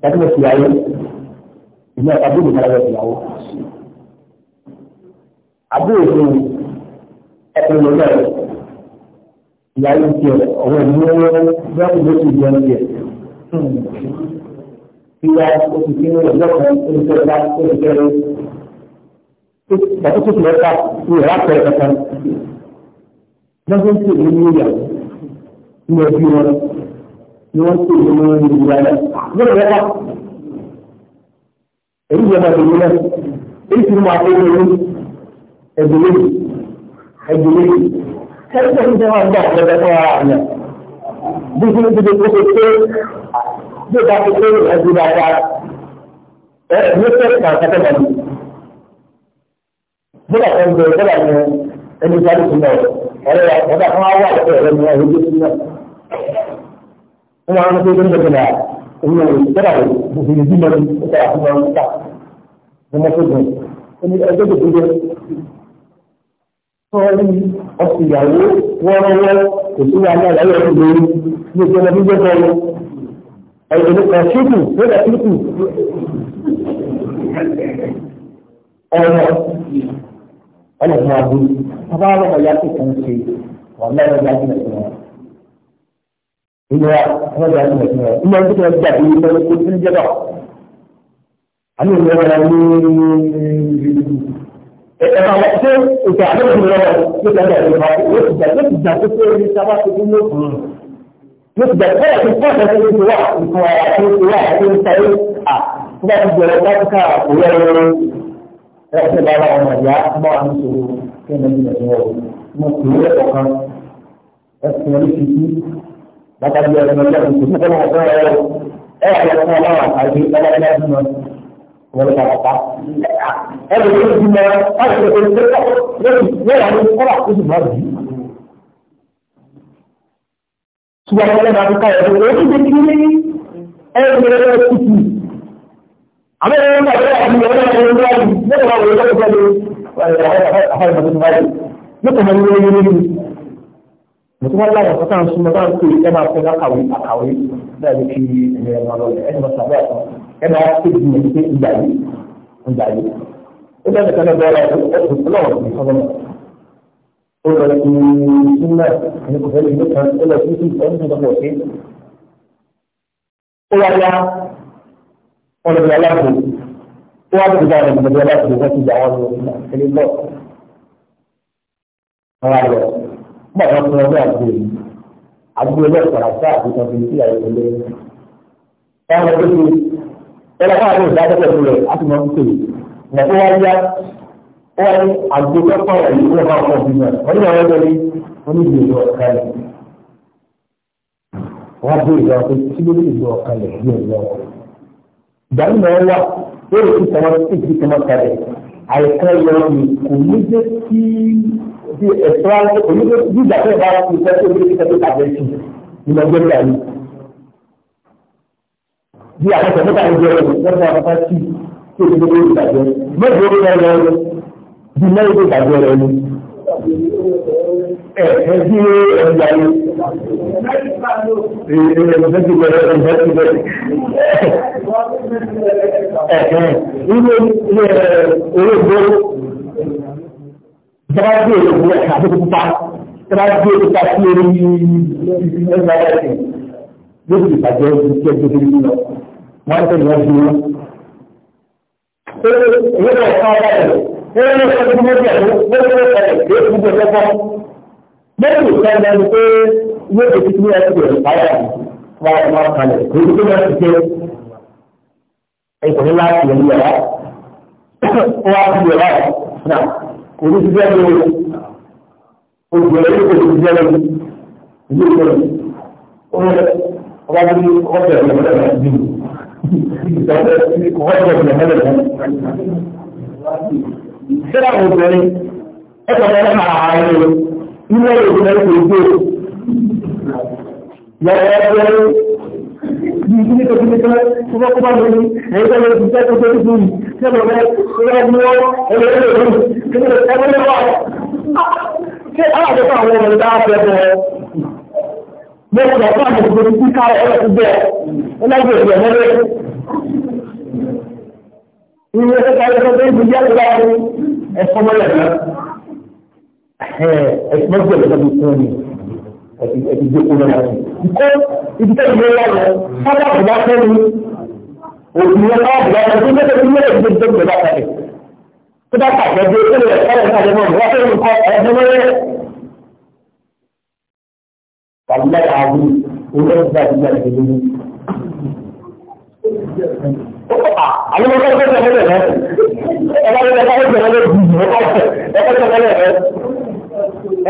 tàbí lọ fìyàwó ìlú àtàbí ìyáyé tiẹ̀ ọ̀wọ́ ìlú ọwọ́ ló ti jẹun tiẹ̀. Hmm. Ìyá oṣù tí wọ́n lọ kan olùkẹ́ta olùkẹ́rẹ́. Bàbá tó ti lọ́ta ní ìyá pẹ̀lú kankan. Lọ́sọ̀ ń tè ní ìyá ní ẹbí wọn ni wọ́n tè ní wọn ní ìyá náà. Lọ́sọ̀ lọ́ta. Èyí yẹn máa tẹ̀lé náà. Èyí ti mú àtẹ́wé ẹ̀dùn lẹ́yìn ẹ̀dùn lẹ́yìn kẹ́kẹ́ tó máa gbà lọ́dọ̀ fún ara rẹ̀ bí kí ní ti di kókó pé bí o bá ti pé ẹbí bá ta ẹ ní sẹ́ẹ̀kì náà kẹ́kẹ́ náà ni bóyá ẹni sáré sí náà ọ̀rẹ́ wa ọ̀dà kan wá ọ̀pẹ rẹ̀ ní ọ̀rẹ́ gbèsè náà wọ́n máa ń pè é nígbà náà èyí ò gbọ́dà rẹ̀ bùbù ní bímọ ní ó tẹ̀lé àfihàn sọ́ọ́rí ọkùnrin ìyàwó wọ́ọ́rọ́wọ́ kò sí wa náà láyé ọdún lórí ní ìjọba gbígbé bọ́ọ̀lù ẹ̀yìn ọ̀ṣíkù lórí ọ̀ṣíkù ọ̀rọ̀ ọlọ́run àbú bàbá ọlọ́run ọ̀yá tó kàn ṣe wà lọ́wọ́ ọjà jìnà sí wọn. ìnira ọlọ́run ọjà jìnà sí wọn ilé ẹni tó gbà bí ilé ẹni tó ń jẹ́ bọ̀ àmì ìlú ọ̀rọ̀ ní ẹ̀ka wọ́n ṣe ìtàn àdéhùn lọ́wọ́ nípa ẹ̀ka ìjọba yóò ti gbà yóò ti gbà tó ṣe ní sábà tó kú yóò fún un. yóò ti gbà tó yà tó fún ọ̀sẹ̀ tó ti wà nǹkan ara tó ti wà tó ń sáré à tó bá ti bẹ̀rẹ̀ láti ká òwe ẹ̀rọ ẹ̀rọ ṣe bá wọn ọ̀yà bá wọn sọ̀rọ̀ kí ẹ̀mí ìyẹn wọ̀ mo kì í lẹ́kọ̀ọ́ kan ẹ̀sìn orí ti kú bàtà bí ẹ̀rọ ẹ̀rọ ẹ̀rọ ẹ̀rọ ẹ̀rọ ẹ̀rọ ẹ̀rọ ẹ̀rọ wọ́n lọ bàbá ẹ̀rọ tó ti mọ ẹ̀rọ tó ti tẹ́tọ̀ lórí yẹ́rọ ní kọ́lá tó ti mọ bí. ṣùgbọ́n ẹ̀rọ máa fi ká ẹ̀rọ rẹ̀ ó ti di ní ẹ̀rọ rẹ̀ tutù. àmì ẹ̀rọ máa fi ẹ̀rọ rẹ̀ ọ̀rọ̀ rẹ̀ lọ́wọ́ yìí lọ́wọ́ máa wọlé lọ́wọ́ pẹ̀lú ọ̀rọ̀ rẹ̀ báyìí lọ́wọ́ máa wọlé lọ́wọ́ mutum wala ya fata sun ba za su yi yana fi na kawai a kawai da ya fi ne ya malo da ya ba sa ba ẹ máa ṣe ju ìṣe ìgbà yìí ìgbà yìí ó bẹ́ẹ̀ nìkan náà bẹ́ẹ̀ láti ẹ̀sùn ọlọ́run ti sọ́nà ó lọ sí súnmọ́ ẹni kò fẹ́ lè ní kan ó lọ sí sí ọdún tó tọ́pọ̀ sí. ó wá yá wọn lè aláàbò ó wá lóbi dáhùn ìgbàgbé aláàbò wọn ti gbà wọn lọ sílé lọ. wọn lọ mọ àwọn tó àti àbíkan fi ń sí àyẹ̀wò lé ẹ̀rọ fún àdéhùn dájọ́ pẹ̀lú rẹ̀ á sì máa ń pè é ẹ̀kọ́ wá yá ó wá ní àgbẹ̀kọ́ fọ̀rọ̀ yìí wọ́n máa pọ̀ bí wọn wọ́n ní àwọn ọjọ́ ní onígbèrè ọ̀kan rẹ̀ wọ́n bí ìlọ pé kí ló lè lọ ọ̀kan rẹ̀ bí ìlọ ìdáhùn náà wà lórí ìtàn wọn sí ìdí tọmọ kalẹ̀ àìsàn yọ ní kò ní jẹ́ kí bí ẹ̀sọ́ kò ní jẹ́ bí ìgbà tó bá ti sẹ́kọ̀ọ́ bí àkọsọ̀ mẹ́ta ń jẹ ẹ̀rọ lọ́sọ̀ àpapọ̀ tí tí èdè lórí ìgbàjẹ́ mẹ́jọ ó lọ lọ bí mẹ́rin tó gbàjẹ́ rẹ ni. ẹ ẹ bí ẹgbà ni ẹ̀ẹ́dẹ́gbẹ̀rẹ̀ ẹ̀ẹ́dẹ́gbẹ̀rẹ̀ ẹ̀ẹ́ ilé ilé olóògbé ìjọba gbé olóògbé ẹ̀ka tó kúpa ìjọba gbé olóògbé sí orí ìgbàjẹ́ lórí ìgbàjẹ́ lórí ìgbàjẹ́ wọ́n ti lọ sí Ṣé ìwé náà kọ́ ọ́ báyìí? Ṣé ìwé náà kọ́ ọ́ báyìí? Ṣé ìwé náà kọ́ ọ́ báyìí? Ṣé ìwé náà kọ́ ọ́ báyìí? Ṣé ìwé náà kọ́ yóò ti fi wáyé ti bẹ̀rẹ̀ báyà wá wá kalẹ̀ وجد لهذا الهم سرع وزني أتبع مع عائله إلا يزني في البيت يا رجل يجيني كذلك كما كما بني هذا لو كنت كنت بني كما ما كما ما كما كما ما كما ما كما ما mo sọ fún àwọn òṣèlú tí ká ọ̀rọ̀ ti bẹ̀ ọlọ́gbọ̀n ìgbẹ̀ mọ́lẹ́. Ìwé ẹ̀ka ẹ̀ka tó ń gbé ẹ̀ka ní ẹ̀fọ́ mọ́lẹ̀ náà. Ẹ̀sìn mọ́tò ẹ̀ka tó kún ni ẹ̀sìn gbé kún náà. Ìkọ́ ibi tẹ́lẹ̀ mi wà lọ, sábà kò bá fẹ́ mi. Òṣìlú ẹ̀ka ọ̀bùnà ọ̀bùnà tó ń gbé tẹ́lẹ̀ mi lẹ́yìn tó ń gbé tẹ́lẹ̀ bá tẹ̀lé. Tó bá tàbí ẹgbẹ́ wàlúùmá àbí ilé ìgbà ìgbà ìgbà ìgbà Àwọn ọmọ ọgbẹ́ tẹ̀lé rẹ̀ ẹ̀rọ ẹ̀rọ ẹ̀rọ ẹ̀rọ ẹ̀rọ ẹ̀rọ ẹ̀rọ ẹ̀rọ ẹ̀rọ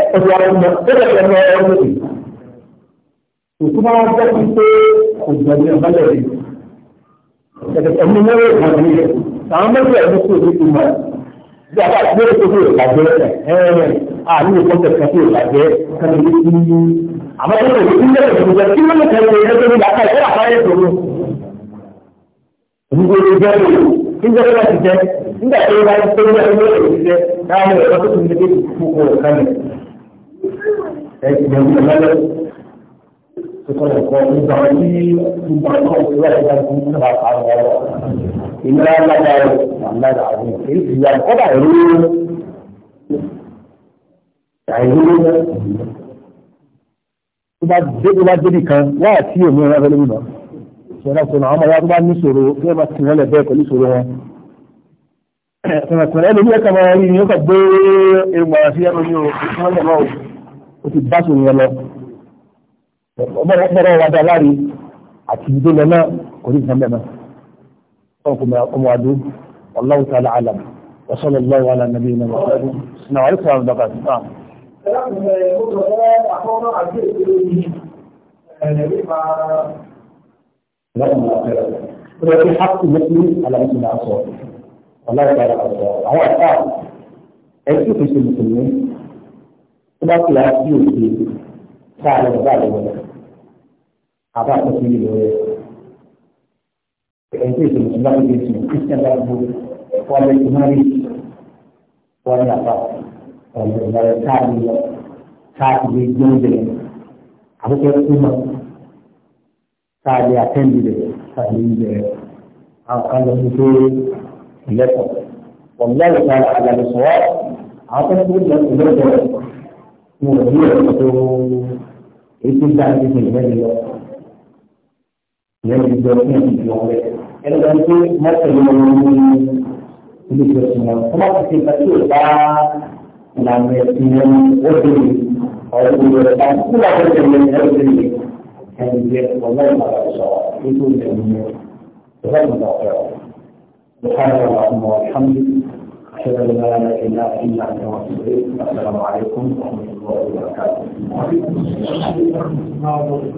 ẹ̀rọ ẹ̀rọ ẹ̀rọ ẹ̀rọ Òtúmọ̀ wọn jẹ́ kí pé òjòjì ọ̀bá lẹ̀rí. Ẹ̀mí mẹ́rin ìwọ̀n ní ilé. Àwọn mẹ́rin ẹ̀mí kò ní ìmọ̀. Bí a bá gbé ètò ìlàjẹ́ ẹ̀ẹ́rẹ̀ àní ìkọ́jẹ̀ kan sí ìlàjẹ́ kan ní àmọ́ tó lè fi lẹ́yìn tó jẹ́ kí ló lè tẹ̀lé ilé tó ní ìgbà ká ìṣẹ́lá fáyé ìṣòro. Ìgbò lè jẹ́ lò nígbà tó bá ti jẹ́ nígbà tó bá ti tó ní ẹgbẹ́ lè ti jẹ́ láàárín ẹ̀rọ tó tún lè dé gbogbo ọ̀ká mi. Ẹ̀sìn ẹ̀mí ọ̀lẹ́lẹ́ tó kọ́lẹ̀ kọ́ nígbà wọn tí nígbà tó ń wá ìgbà tó ń bá a lọ. Ìlera lágbára àmàlà àwọn èyí ti yà kọ́dà ìrú tó bá débi bá débi kan wáyà tí èmi ọ̀rọ̀ ẹgbẹ́ lómi lọ ṣẹlá sọ̀rọ̀ àwọn ọmọ ya tó bá ní ṣòro kí wọ́n máa tì wọ́n lẹ̀ bẹ́ẹ̀ pẹ̀lú ṣòro wọn. ẹ̀sìnmọ̀sìnmọ̀ ẹlòmí ẹ̀ka máa rí ni ó kà gbé ewu àti ẹnu ní o wọ́n lẹ̀ lọ o ti bá ṣòro yẹn lọ. ọgbọ́dọ̀ wa da láre àti ìdó lọ náà kò ní ìtàn bẹ́ẹ̀ náà. ọmọ wa sallallahu ala ẹlẹ́kùnrin mo tọ̀ fẹ́ àkọ́kọ́ àti èdè lórí nípa lọ́wọ́n àpẹẹrẹ. Ó yẹ kí hákù ló ní àlàyé máa sọ aláìsára ọ̀sọ̀ àwọn ẹ̀ka ẹ̀sì kò ṣe mùsùlùmí tó bá kìlá sí òkè sáà lọ bá lọ wọlé àbá àkọsí ìlú rẹ ẹ̀sì kò ṣe mùsùlùmí láti gbé sùn kristian bá gbó wọn lè tún máa rí wọn ní àbá ọ̀dọ̀ ìyàwó káàdì lọ káàdì lè gbé oúnjẹ yẹn àkókò ẹkú mọ káàdì àtẹ́ǹdì rẹ̀ káàdì oúnjẹ rẹ̀ àwọn kan lọ sí pé ìlẹ́kọ̀ọ́ ọ̀gbọ́n ìta àgbàdo sọ̀rọ̀ àwọn kan tó lọ sí lọ́jọ́ rẹ̀ mo rò ní ẹ̀kọ́ tó ètò ìdájọ́ ìgbẹ́ mi lọ ìyẹn ti fún ìdíjọ rẹ̀ ẹni là người tiền vô tình ở người ta cũng là vô tình vô tình thành việc của mình mà lại rõ cái tu luyện nhiều rất là rõ rồi سبحان الله وبحمده أشهد أن لا إله إلا أنت وأستغفرك السلام عليكم ورحمة الله وبركاته